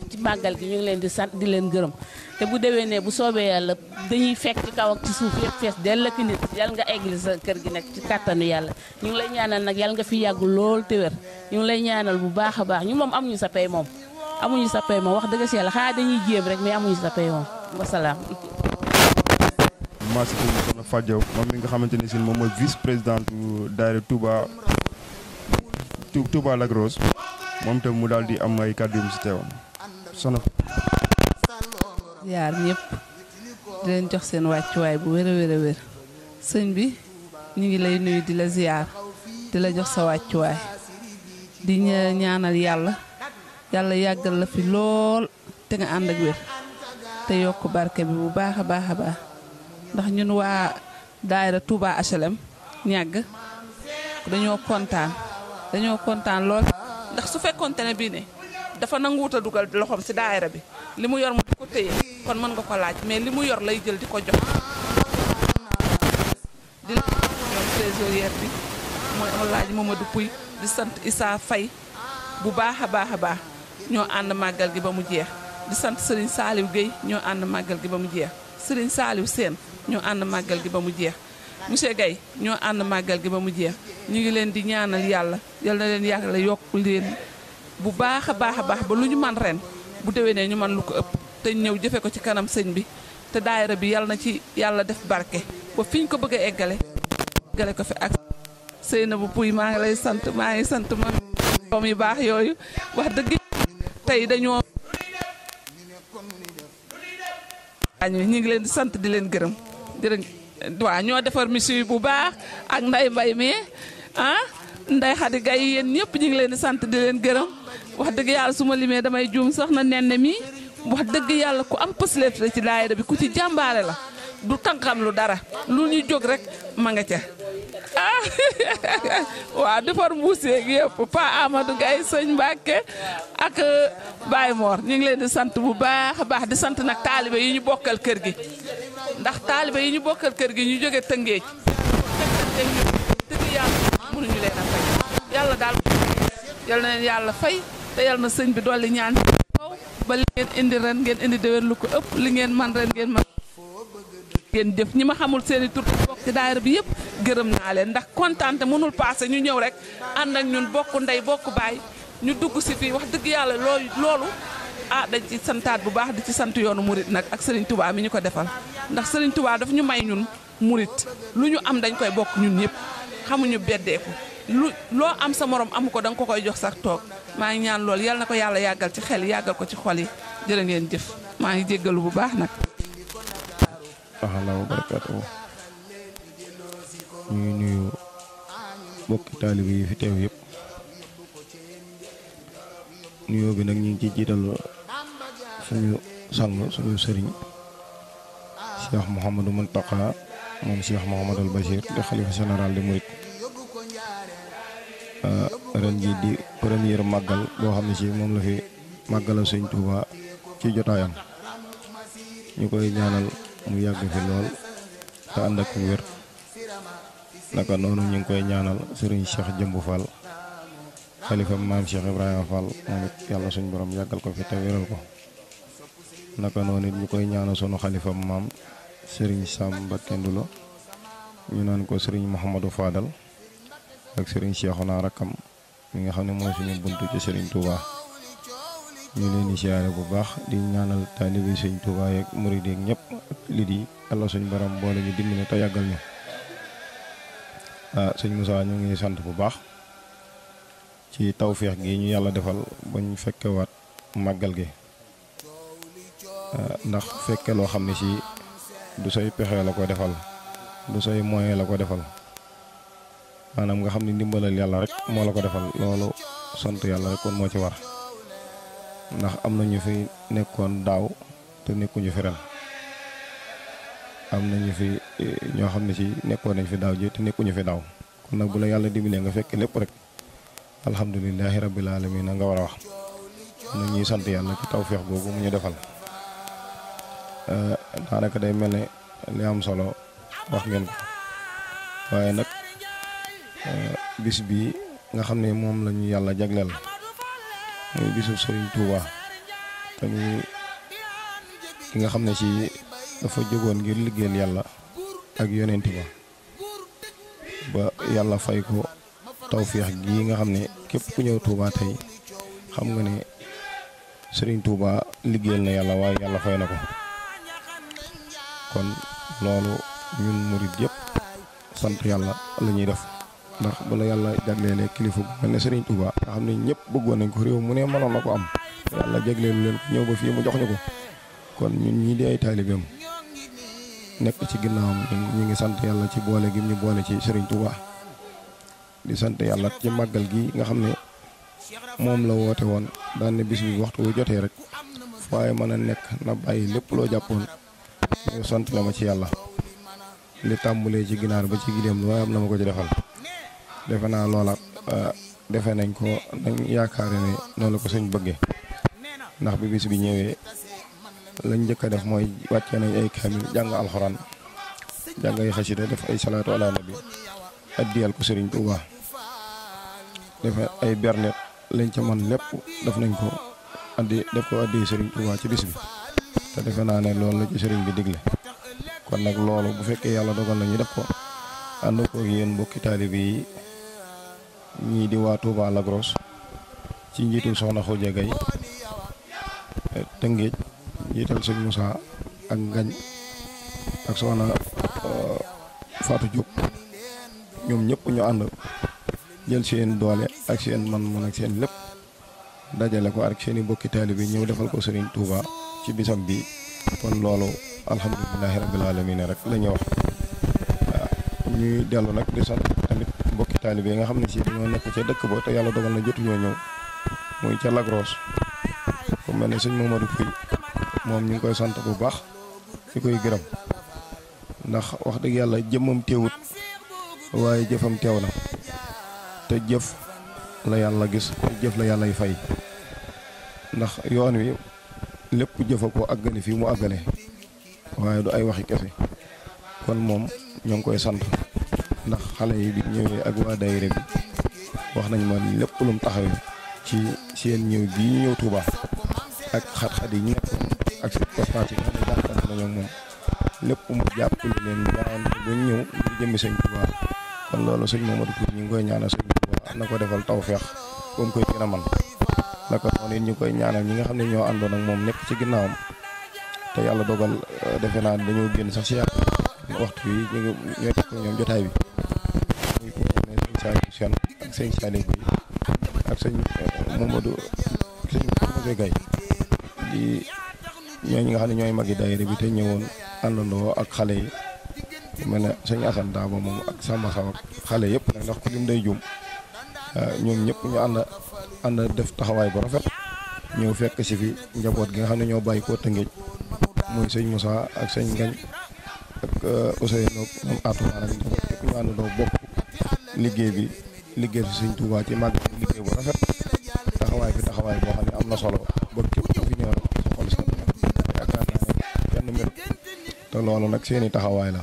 ci màggal gi ñu ngi leen di sant di leen gërëm te bu dewee déwénee bu soobee yàlla dañuy fekk kaw ak ci suuf yëpp fees dell ak nit yàlla nga eggali sa kër gi nag ci kàttanu yàlla ñu ngi lay ñaanal nag yal nga fi yàgg lool te wér ñu ngi lay ñaanal bu baax a baax ñu moom amuñu sa pay moom amuñu sa pay moom wax dëgg si yàlla xanaa dañuy jéem rek mais amuñu sa pay moom wasalaam maa si soxna Fadio moom mi nga xamante ne si moom Touba Lac Rose moom tam mu daal di am ay kàddu yu mu si teewoon soxna yaar di leen jox seen wàccuwaay bu wér a wér sëñ bi ñu ngi lay nuyu di la ziyaar di la jox sa wàccuwaay di ñaanal yàlla yàlla yàggal la fi lool te nga ànd ak wér te yokk barke bi bu baax a baax a baax ndax ñun waa daayira Touba HLM ñàgg dañoo kontaan dañoo kontaan lool ndax su fekkoonte ne bii ne dafa nanguwut a dugal loxom si daayra bi li mu yor mu di ko téye kon mën nga ko laaj mais li mu yor lay jël di ko jox di ñoom trésorière bi mooy laaj Mamadou Pouy di sant Issa fay bu baax a baax a baax ñoo ànd màggal gi ba mu jeex di sant Serigne Saliou Gueye ñoo ànd màggal gi ba mu jeex Serigne Saliou Sène ñoo ànd màggal gi ba mu jeex monsieur gay ñoo ànd màggal gi ba mu jeex ñu ngi leen di ñaanal yàlla yal na leen la yokk leen bu baax a baax a baax ba lu ñu man ren bu ne ñu man lu ko ëpp te ñëw jëfe ko ci kanam sëñ bi te daayira bi yal na ci yàlla def barke ba fi ko bëgg a eggale eggale ko fi ak Seynabou maa ngi lay sant maa ngi sant ma doom yu baax yooyu wax dëgg tey dañoo ñu ngi leen di sant di leen gërëm jërë dwa ñoo defar monsieur bu baax ak nday mbay mi ah nday xadi gay yéen lene ñu ngi leen di sant di leen gërëm wax dëgg yàlla su damay na nen mi wax dëgg yàlla ku am pësleet la ci daayira bi ku ci la du tànqam lu dara lu ñu jog rek ma nga ca wa ah, waaw defar mbuus ak yëpp Pa Amadou gay sëñ Mbacke ak euh, Baye Mor ñi ngi leen di sante bu baax baax di sante nak talibé yi ñu bokkal kër gi ndax talibé yi ñu bokkal kër gi ñu jóge Tëngéej dëgg yàlla mënuñu leen fay yalla na leen fay te yalla na bi ñaan ba li ngeen indi ren ngeen indi déwén lu ko ëpp li ngeen man ren ngeen man ngeen jëf ñi ma xamul seeni i tur bokk ci daayira bi yëpp gërëm naa leen ndax kontaante te mënul paase ñu ñëw rek ànd ak ñun bokk ndey bokk baay ñu dugg si fii wax dëgg yàlla loolu loolu ah dañ ci santaat bu baax di ci sant yoonu murit nag ak sëriñ Touba mi ñu ko defal ndax sëriñ Touba daf ñu may ñun murit lu ñu am dañ koy bokk ñun ñëpp xamuñu beddeeku lu loo am sa morom amu ko da ko koy jox sax toog maa ngi ñaan loolu yal na ko yàlla yàggal ci xel yàggal ko ci xol yi jërë ngeen jëf maa ngi jéggalu bu baax nag. taala wa barakatuhu ñuy nuyu mbokk taalibe yi fi teew yépp nuyoo bi nag ñu ngi ci jiital suñu sang suñu sëriñ cheikh mouhamadou muntaqa moom cheikh mouhamadou al bachir di xalifa général de murit ren ji di premier màggal boo xam ne si moom la fi màggala sëñ Tuuba ci jotaayam ñu koy ñaanal mu yàgg fi lool te ànd ak wér naka noonu ñu ngi koy ñaanal sëriñ Cheikh Jëmbu Fall xalifa maam Cheikh Ibrahima Fall moom it yàlla suñ borom yàggal ko fi te wéral ko naka noonu it ñu koy ñaanal sunu xalifa maam sëriñ Sam Mbacké Ndulo ñu naan ko sëriñ Mouhamadou Fadal ak sëriñ Cheikhouna rakkam mi nga xam ne mooy suñu buntu ci sëriñ Touba. ñu leen di siyaare bu baax di ñaanal taalibe sëñ touba ak mouride yi ñëpp li di allah suñ borom boole ñu dimbali te yàggal ñu ah sëñ Moussa ñu ngi sant bu baax ci tawfiix gi ñu yàlla defal bañ fekkewaat màggal gi ah, ndax fekke loo xam ne si du say pexe la ko defal du say moyen la ko defal maanaam nga xam ne ndimbalal yàlla rek moo la ko defal loolu sant yàlla rek kon moo ci war ndax am na ñu fi nekkoon daaw te nekkuñu fi ren am na ñu fi e, ñoo xam ne ci nekkoon nañ fi daaw ji te nekkuñu fi daaw kon nag bu la yàlla dimbalee nga fekk lépp rek alhamdulilahi rabbil alamin nga war a wax na ñuy sant yàlla ci tawféex googu mu ñu defal e, daanaka day mel ne li am solo wax ngeen ko waaye nag e, bis bi nga xam ne moom lañuy yàlla jagleel muy bisu Serigne Touba tamit ki nga xam ne ci dafa jógoon ngir liggéeyal yàlla ak yonent ba ba yàlla fay ko tawféex gi nga xam ne képp ku ñëw Touba tey xam nga ne Serigne Touba liggéeyal na yàlla waaye yàlla fay na ko kon loolu ñun murit yëpp sant yàlla la ñuy def. ndax bala yàlla jagleele kilifa gu mel ne Serigne Touba nga xam ne ñëpp bëggoon nañ ko réew mu ne mënoon na ko am yàlla jagleelu leen ñëw ba fii mu jox ñu ko kon ñun ñii di ay taalibeem nekk ci ginnaawam ñu ngi sant yàlla ci boole gi ñu boole ci seriñ Touba di sant yàlla ci màggal gi nga xam ne moom la woote woon daan ne bis waxtu wu jotee rek waaye mën a nekk na bàyyi lépp loo jàppoon ñu sant la ma ci yàlla li tàmbulee ci ginaar ba ci lu waaye am na ma ko ci defal. defena lola loola eh, nañ ko nañ yaakaar ne noonu la ko señ bëggee ndax bi bis bi ñëwé lañ njëkk def moy waccé nañ ay kamil jang alxuraan jang ay khashida def ay salatu ala nabi addiyal ko señ Tuuba defe ay bernet lañ ci man lepp def nañ ko andi def ko addi señ Tuuba ci bis bi ta defena ne la ci señ bi diglé kon nak loolu bu fekkee yalla dogal nañu def ko ànd ko mbokki talibi ñi di wa Touba Lagros ci njiitu soxna Khoudia gay eh, Tëngéej njiital sëñ Moussa ak Ngañ ak soxna eh, Fatou Diop ñom ñëpp ñu and jël seen doole ak seen man-man ak seen lepp dajale ko ak seen i bokki taalibe defal ko Serigne Touba ci bisam bi kon loolu alhamdulillah rabbil alamin rek lañu wax ñuy di sant bokki taalibe nga xam ne si dañoo nekk ca dëkk ba te yàlla dogal na jotuñoo ñëw muy ca Lagros ku mel ne sëñ Mamadou Pouy moom ñu ngi koy sant bu baax ci koy gërëm ndax wax dëgg yàlla jëmmam teewut waaye jëfam teew na te jëf la yàlla gis te jëf la yàlla y fay ndax yoon wi lépp jëfa ko àggale fii mu àggale waaye du ay waxi kese kon moom ñoo ngi koy sant ndax xale yi bi ñëwee ak waa daayira bi wax nañ ma lépp lu mu taxawee ci seen ñëw bi ñu ñëw Touba ak xat-xat yi ñu nekkoon ak seen postage xam ne jàppante nañu ak moom lépp leen jaayante ba ñu ñëw ngir jëmmi kon loolu sëñ Mamadou ñu ngi koy ñaanal sëñ Touba na ko defal taw ba mu koy gën a man naka noonu it ñu koy ñaanal ñi nga xam ne ñoo àndoon ak moom nekk ci ginnaawam te yàlla dogal defe naa dañoo génn sax si yàlla waxtu bi ñu ngi ñoo ñoom jotaay bi. Cheikh ak sëñ Saliou Guèye ak sëñ eh, Momadou sëñ Moussa nga xam ne ñooy magi daayira bi te ñëwoon àndandoo ak xale yi di mel ne sëñ Assane Daba moom ak Samba Sow ak xale yëpp nag ndax ku lim day juum eh, ñoom ñëpp ñu ànd ànd def taxawaay bu rafet ñëw fekk si fi njaboot gi nga xam ne ñoo bàyyi koo Tëngéej ak sëñ Ngañ eh, liggéey bi. liggéey si sëñ Touba ci màgg liggéey bu rafet taxawaay fi taxawaay boo xam ne solo ba képp fi ñëw sa xol sa yaakaar naa ne kenn mbir te loolu nag seeni taxawaay la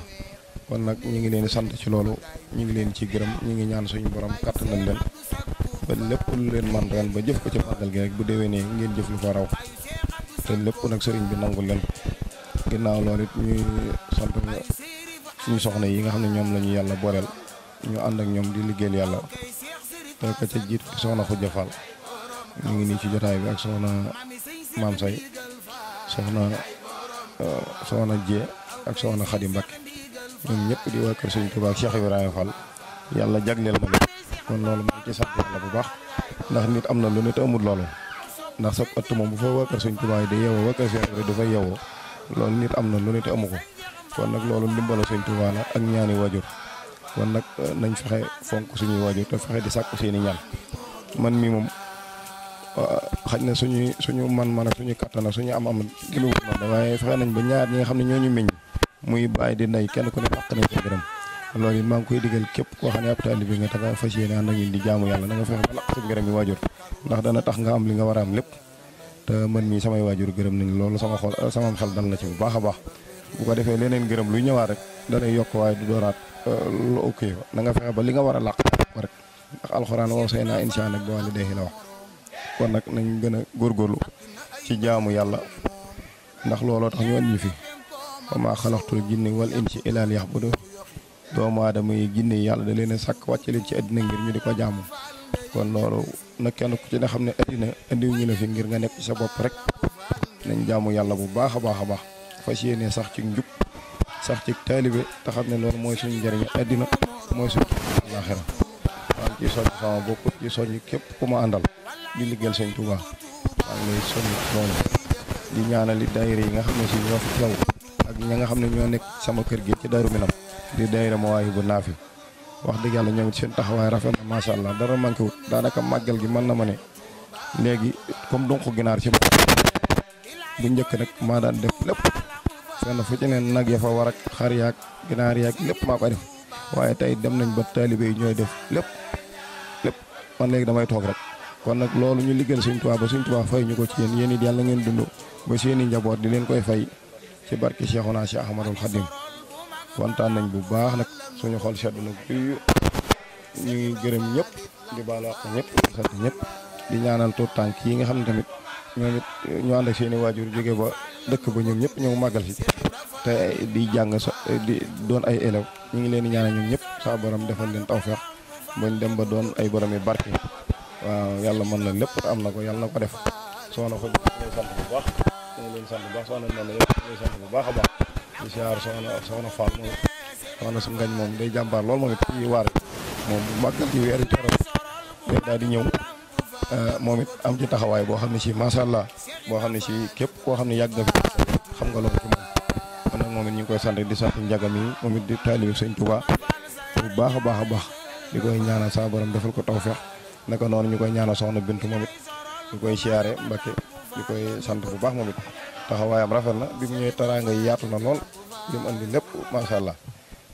kon nag ñu ngi leen di sant ci loolu ñu ngi leen ci gërëm ñu ngi ñaan suñu borom kàttanal leen ba lépp lu leen man ren ba jëf ko ci màggal gi rek bu déwénee ngeen jëf lu ko raw te lépp nag sëriñ bi nangul leen ginnaaw loolu it sant suñu soxna yi nga la ñu ñu ànd ak di liggéeyal yàlla te ka ca jiit soxna Khoudia Fall ñu ngi nii ci jotaay bi ak soxna maam say soxna euh, soxna Jee ak soxna Khady Mbacke ñoom ñëpp di waa kër Sëriñ Tuubaa ak Cheikh Ibrahima Fall yàlla jagleel ma kon loolu maa ngi ci sant yàlla bu baax ndax nit am na lu ne te amul loolu ndax sa ëtt moom bu fa waa kër Sëriñ yi di yeewoo waa kër Cheikh yeewoo loolu nit am na lu ne te amu kon nag loolu ndimbalu Sëriñ Tuubaa ak ñaani waajur kon nag euh, nañ fexe fonk suñuy waajur te fexe di sàkku seeni ñaan man mi moom euh, xaj na suñuy suñu man-man ak suñu kattan ak suñu am-am kii la man waaye fexe nañ ba ñaar ñi nga xam ne ñoo ñu meññ muy bàyyi di ndey kenn ku ne gërëm loolu it maa ngi koy digal képp koo xam ne ab taalibe bi nga tax a fas yéene ànd di jaamu yàlla na nga fexe ba laq sa gërëm yi waajur tax nga am li nga war a am lépp te man mii samay waajur gërëm nañ loolu sama xol sama xel dal na ci bu baax a baax bu ko defee leneen ngërëm luy ñëwaat rek danay yokk waaye du doonaat euh, lu ok na nga fexe ba li nga war a làq ko rek ndax alxuraan woo say naa insaan ak boole deexi la wax kon nag nañ gën a góorgóorlu ci jaamu yàlla ndax looloo tax ñu indi fi wa maa xalaxtul jinni wal insi illaa liya'budu doomu aadama yi jinni yàlla da leen a sàkk wàcce leen ci àddina ngir ñu di ko jaamu kon loolu na kenn ku ci ne xam ne àddina indiwuñu la fi ngir nga nekk ci sa bopp rek nañ jaamu yàlla bu baax a baax a baax fas yéenee sax ci njub sax ci taalibe te xam ne loolu mooy suñu njëriñ àddina mooy suñu àllaaxira maa ngi ciy soññ sama bopp ci soññ képp ku ma àndal di liggéeyal sëñ Tuubaa maa ngi yi nga xam ne si ñoo ak ña nga xam ne ñoo nekk sama kër gi ci Daaru Minam di daayira ma waayu bu naafi wax dëgg yàlla ñoom it seen taxawaay rafet na macha allah dara manqué wut daanaka màggal gi mën na ma ne léegi comme dunq ginaar ci bu njëkk nag maa daan def lépp fenn fu ci ne nag ya fa war ak xar yaak ginaar yaak lépp maa koy def waaye tey dem nañ ba taalibe yi ñooy def lépp lépp man léegi damay toog rek kon nag loolu ñu liggéey Sëñ Tuubaa ba Sëñ Tuubaa fay ñu ko ci yéen yéen it yàlla ngeen dund ba seeni njaboot di leen koy fay ci barke cheikhuna Seex Ahmadul Xadim kontaan nañ bu baax nag suñu xol seddu na guyu ñu ngi gërëm ñëpp di baalu àq ñëpp sant ñëpp di ñaanal tuut tànk yi nga xam ne tamit ñoom it ñu ànd ak seeni waajur jóge ba dëkk ba ñoom ñëpp ñëw màggal si te di jàng di doon ay élève ñu ngi leen di ñaanal ñoom ñëpp saa borom defal leen tawfeex bañ dem ba doon ay borom yi barke waaw yàlla mën na lépp am na ko yàlla na ko def soxna ko leen sant bu baax ñu leen sant bu baax soxna noonu yëpp leen sant bu baax a baax di siyaar soxna soxna Fall moom soxna su ngañ moom day jàmbaar lool moom it ci waar moom bu màggal ci weeru coro daal di ñëw Euh, moom it am ci taxawaay boo xam ne si macha allah boo xam ne si képp koo xam ne yàgg nga xam nga loolu ci moom man moom it ñu ngi koy sant di sant njagam yi moom it di taalibi sëñ Tuubaa bu baax a baax a baax di koy ñaanal sa borom defal ko tawfeex naka noonu ñu koy ñaanal soxna Bintu moom it ñu koy siyaare Mbàkke di koy sant bu baax moom it taxawaayam rafet na bi mu ñëwee yi yaatu na lool li mu andi lépp macha allah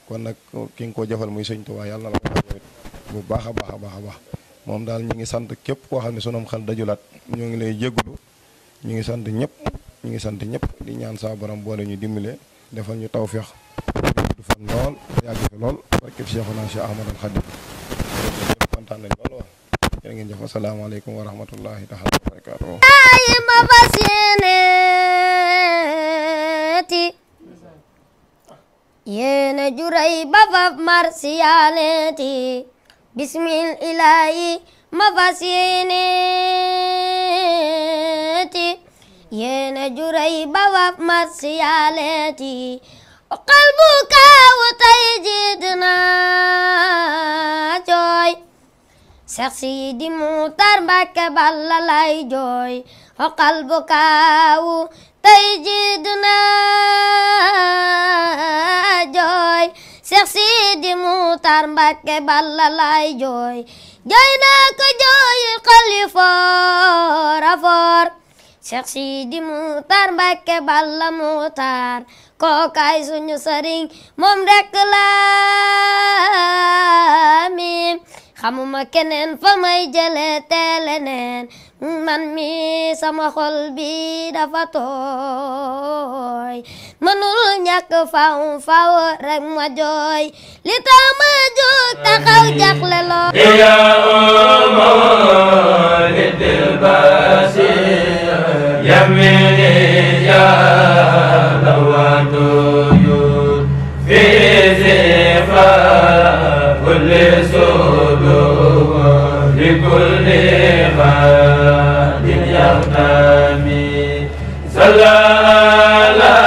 kon nag ki nga ko jëfal muy sëñ Tuubaa yàlla na la ko bu baax a baax a baax a baax. mom dal ñi ngi sant kep ko xamni ne sunum xel dajulaat ñoo ngi lay jéggulu ñi ngi sant ñep ñi ngi sant ñep di ñaan sa borom bo ñu dimbalé defal ñu tawfiq du fa lol yàgg fi lol barke Cheikhuna Cheikh Ahmadul Xadim ñëpp kontaan nañ lool waa jërë ngeen jëf asalaamaaleykum wa rahmatullahi taala wa barakaatu ma بسم الإله مفاسينتي ينا جري بواب مسيالتي وقلبك وتيجدنا جوي سخسي دي موتر بك بلالاي جوي وقلبك وتيجدنا جوي Seex Sidi Muxtaar Mbàkke Balla lay jooy jooy naa ko jooy xalifa rafoor Seex Sidi Muxtaar Mbàkke Balla Muxtaar kookaay suñu sëriñ moom rekk la mi xamuma keneen fa may jële teele neen man mi sama xol bi dafa tooy mënul ñàkk faw faw rek ma jooy li tax ma jóg taxaw jaxle loo ya ma lidil basi yamini ya lawatu yu fi zifa kulli su بكل غد يغتمي صلى على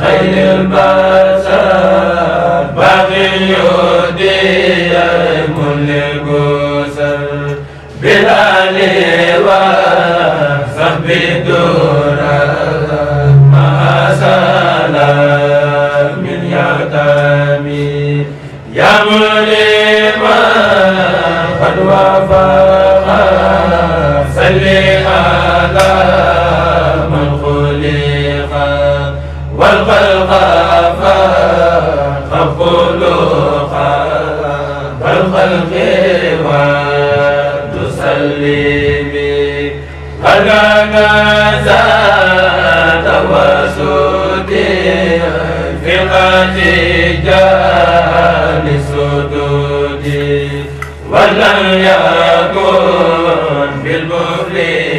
خير البشر باقي ديم للقسم بلال وصحب الدرر مع سلام يغتمي يا مريد وفرحا صل على من خلق والخلق فاق خلقا والخلق وتسلم قد كان توسدي في قاتل ولم يكن بالمفلس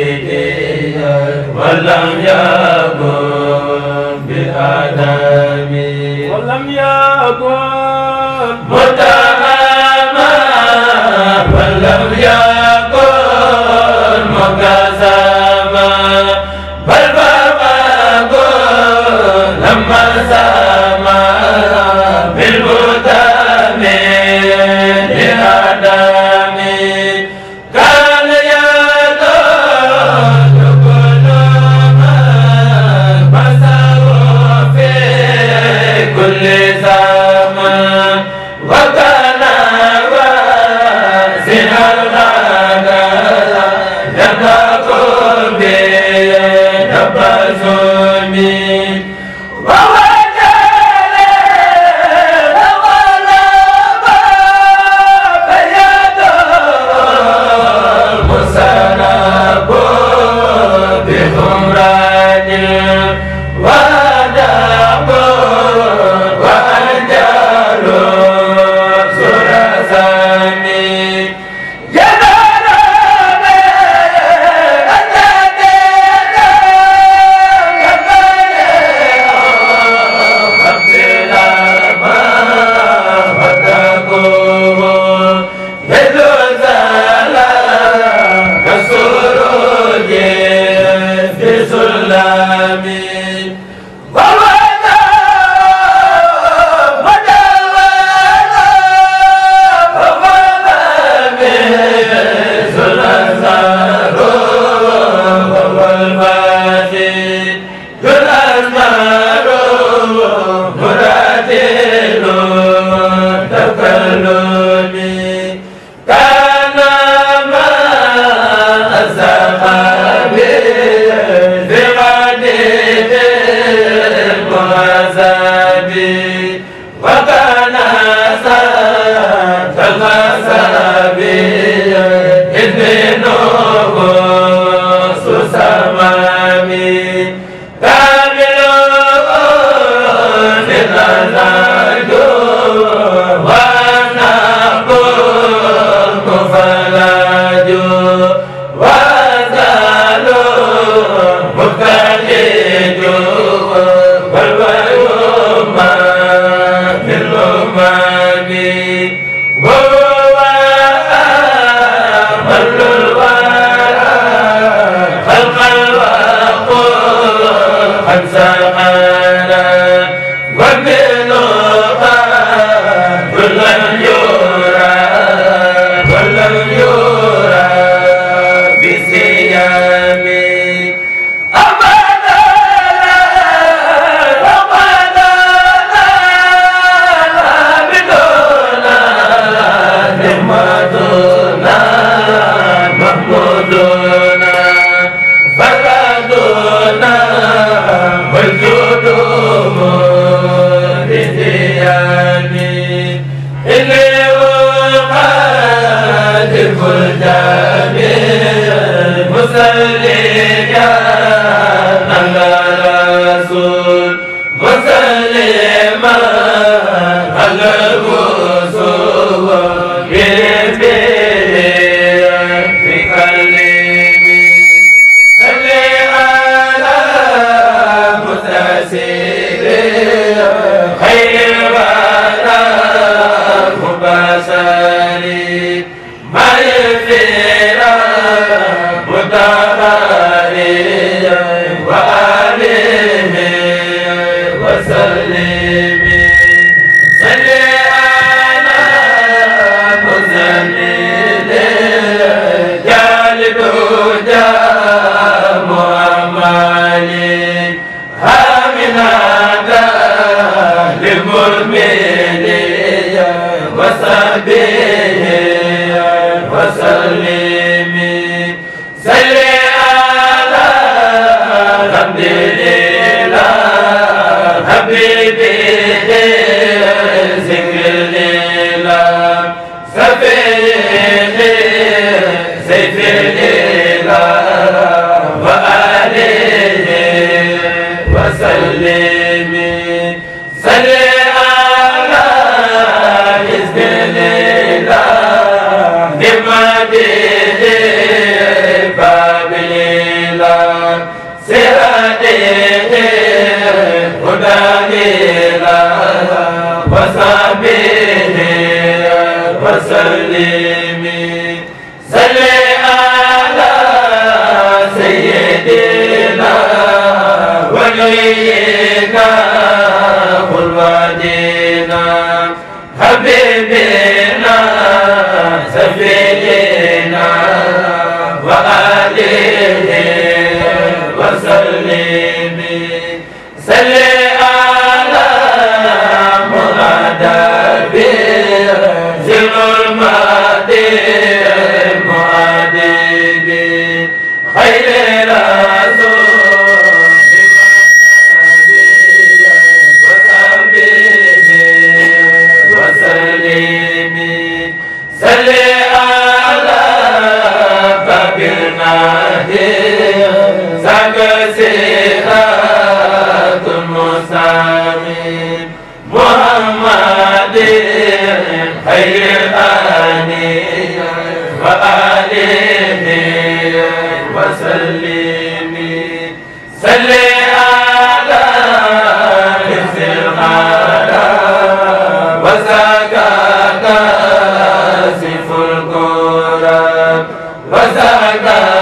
وزاد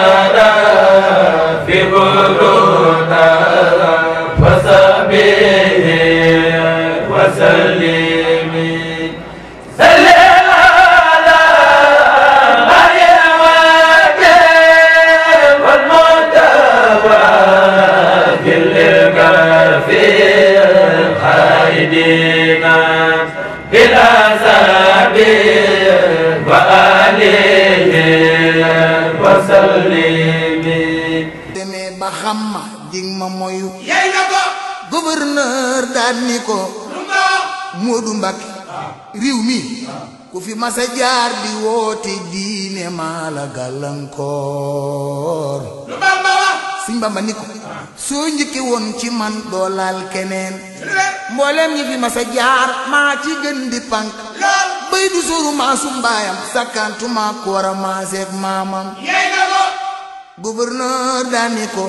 وسلم demee ba xam ma jig ma moyu yey na ko gouverneur daal ni ko lu nga Moodu Mbàkke réew mi ku fi masa jaar di woote diine maa la gàllankoor lu Bamba wax Sëñ Bamba ni ko soo njëkke woon ci man doo laal keneen mboolem ñi fi masa jaar maa ci gën di pànk bay du sóoru maa su mbaayam war a maaseeg maamam gouverneur daane ko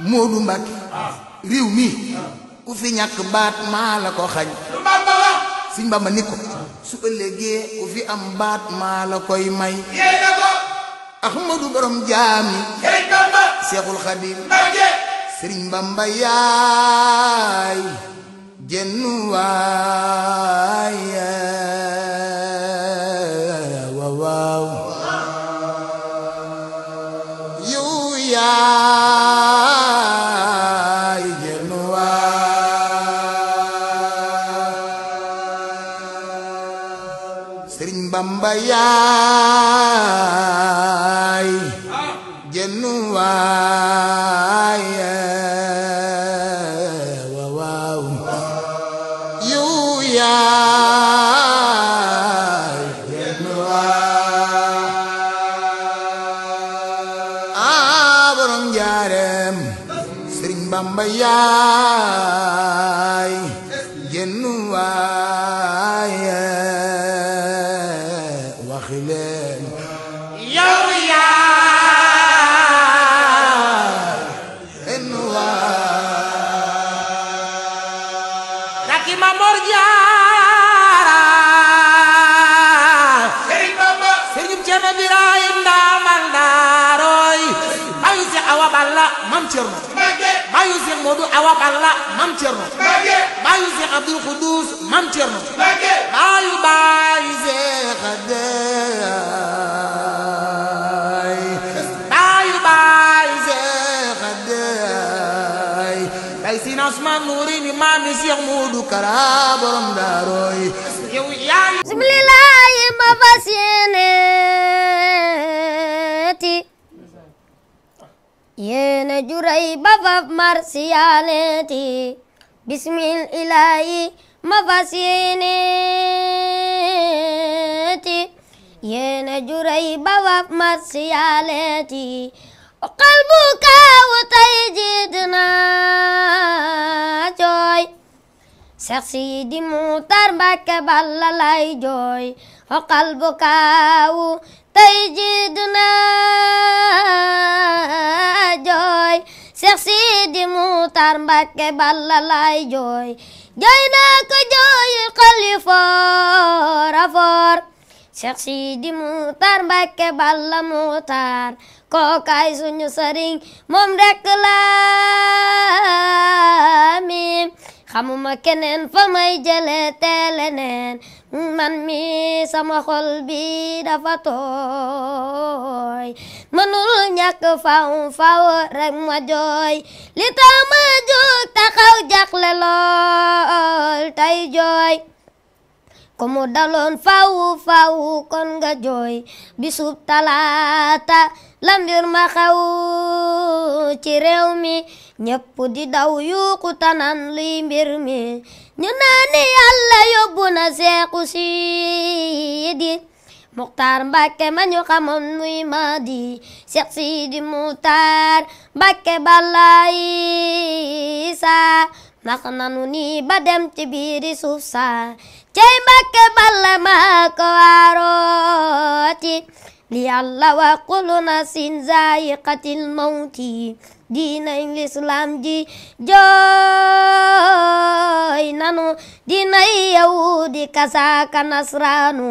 Moodu Mbàkke réew mi ku fi ñàkk baat maa la ko xañ Sëñ Bamba ni ko su ëllëgee ku fi am baat maa la koy may Ahmadu borom jaami Seexul Xadim Sëriñ Bamba yaay jenn waay yaay jël waay Sëriñ Bamba yaay jël waay yaay genn waaye waxi leen yow yaay genn waaye rakki ma Mor Jaara Sëriñ Bamba Sëriñ Cerno Birahim Ndaamal Daarooy Awa Balla Mam Cerno Modou Awa Balla Mam Cerno baayu Seex Abdul baayu baayu Seex Abdey baayu baayu Seex Abdey bay si na Usmaan Nuuri ni maami Seex Moodu Kara borom daarooy yow yaay bismillaahi ma fas yéena juray ba faf marsiyaaleeti bismil ilaahi ma fas yéeneeti yéena juray ba faf marsiyaaleeti o qalbu kaawu tay jiidna jooy Seex Sidi Muxtaar Mbàkke Balla lay jooy o qalbu kaawu tey jii dinaa jooy Seex Sidi Muxtaar Mbàkke Balla laay jooy jooy naa ko jooy xalifa rafoor Seex Sidi Muxtaar Mbàkke Balla Muxtaar kookaay suñu sëriñ moom rekk laa miim xamuma keneen fa may jële teeleneen man mi sama xol bi dafa tooy mënul ñàkk faw faw rek ma jooy li tax ma jóg taxaw jaxle lool tey jooy ko mu daloon faw faw kon nga jooy bisub talaata lam ma xew ci réew mi ñëpp di daw yuuxu tanan luy mbir mi ñu naani yàlla yóbbu na seexu siidi muxtaar mbàkke ma ñu xamoon muy maadi seex siidi muxtaar mbàkke balaay saa nax nanu ni ba dem ci biiri suuf sa cey Mbàkke balla maa ko waarooti li Yàlla wa qulu nafsin zaa'iqatil mawti diinay lislaam ji jooy nanu diinay yawudi kasaaka nasraanu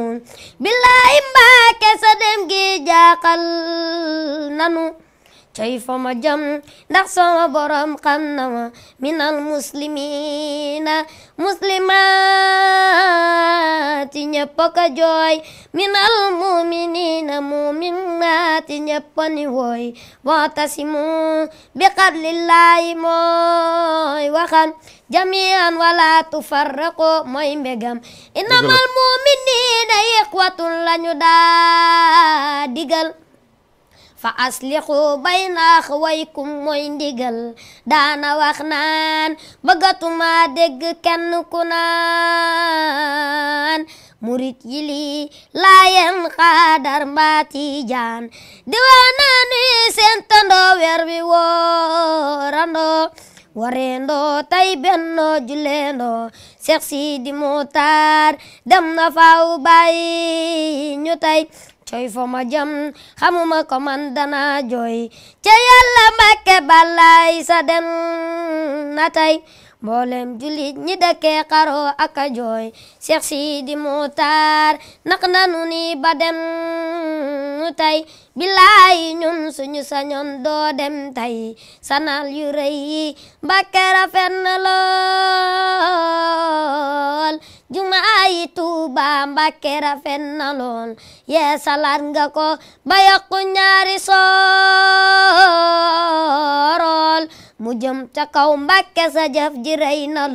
billaahi Mbàkke sa dem gi jaaxal nanu Ih fo ma jam naksong a boram kan nama, minal muslimi na muslima tinya pok joy, minal mumini na muming na tinya woi. wata simu, a lilai mo, iwakan jamian ian wala tu farra ko mo Inamal muminina, na iya digal. fa aslihu bayna axwaykum mooy ndigal daana wax naan bëggatuma dégg kenn ku naan murit yi lii xaadar mbaa tijaan diwaan naa nuy seen tandoo weer wi woorandoo wareendoo tay bennoo juleendoo Seex Sidi Muxtaar dem na faaw bàyyi ñu tay coy fo ma jam xamuma ko man dana jooy ca yàlla mbàkke balaay sa den na tey mboolem julit ñi dëkkee xaro ak a jooy Seex Sidi Muxtaar na nanu ni ba dem tey Bilai ñun suñu sanyon do dem tai sanal yu rëy fenalol Mbàkke rafet na lool fenalol yi Tuuba nga ko ba yokku ñaari soorool mu jëm ca kaw Mbàkke sa jëf ji rëy na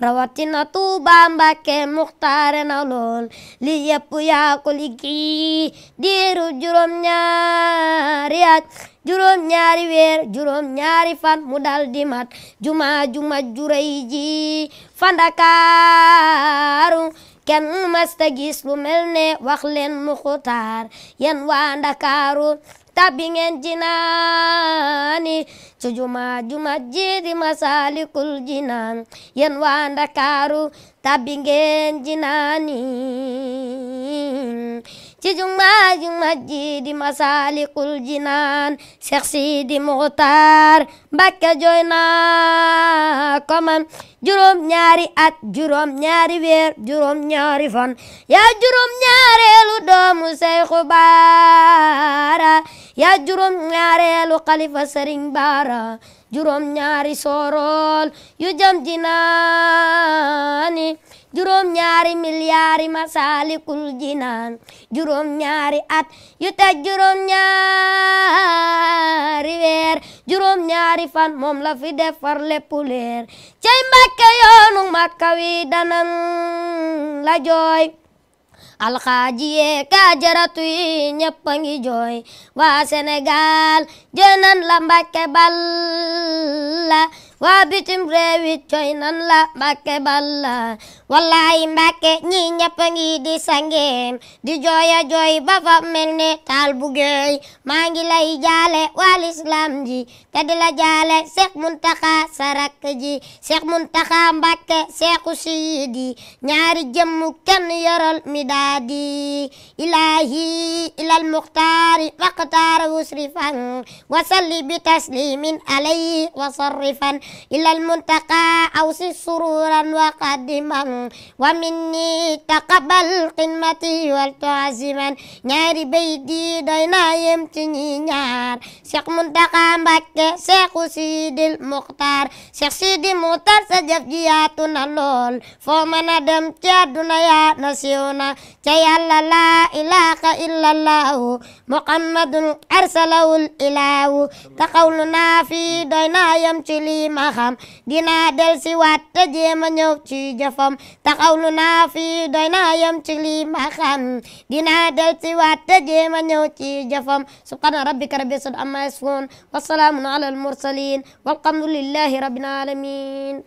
rawatina Tuuba Mbàkke muxtaare na lool li yëpp yaa ko liggéey diiru juróom-ñaari at juróom-ñaari weer juróom-ñaari fan mu dal di mat juma juma juray ji fandakaaru kenn masta gis lu mel ne wax leen muxtaar yan waa ndakaaru tàbbi ngeen jinaani ci jumaa jumaa ji di masalikul jinaan yéen waa Ndakaaru tàbbi jinaani ci jumaa jumaa ji di masalikul jinaan Seex Sidi Muxtaar Mbakke jooy naa ko Jurum nyari at jurum nyari wer jurum nyari fan yaa juróom ñaareelu doomu Seexu ya jurum juróom lu xalifa ya sering bara jurum nyari sorol yu jam jurum nyari miliari masali kul jinan jurum nyari at yu teg juróom ñaari weer jurum nyari fan mom la fi defar lépp leer cay mbak nekke yoonu Makka wi danan la jooy alxaaji yee kaajaratu yi ñëpp a ngi jooy waa Sénégal jënan la Mbàkke bal waa bitim réew it coy nan la mbàkke balla wallaay mbàkke ñi ñëpp di sangeem di jooya jooy ba mel ne taal bu géey maa ngi waa lislaam ji te di la jaale seex muntaxa sarak ji seex muntaxa mbàkke seexu siidi ñaari jëmmu kenn yorol mi daadi ilaahi ilal muxtaari faqtaar wusrifan wasalli bi taslimin alayhi wasarrifan ilal muntaka awsi sururan wa qadiman wa minni taqabal qimmati wal tu'aziman nyari baydi dayna yemti nyar syekh muntaka mbakke syekh usidil muqtar syekh sidi muqtar sajaf jiyatuna lol fo manadam tia dunaya nasiona caya la la ilaka illallah muqammadun arsalawul ilaw taqawluna fi dayna yemti ma xam dinaa del si waat te a ñëw ci jëfam taxawlu naa fi doy naa yem ci li ma xam dinaa del si waat te jéema ñëw ci jëfam subhaana rabbika rabbi sud amma yasifun wa salaamun ala al mursalin walhamdulillahi rabbil alamin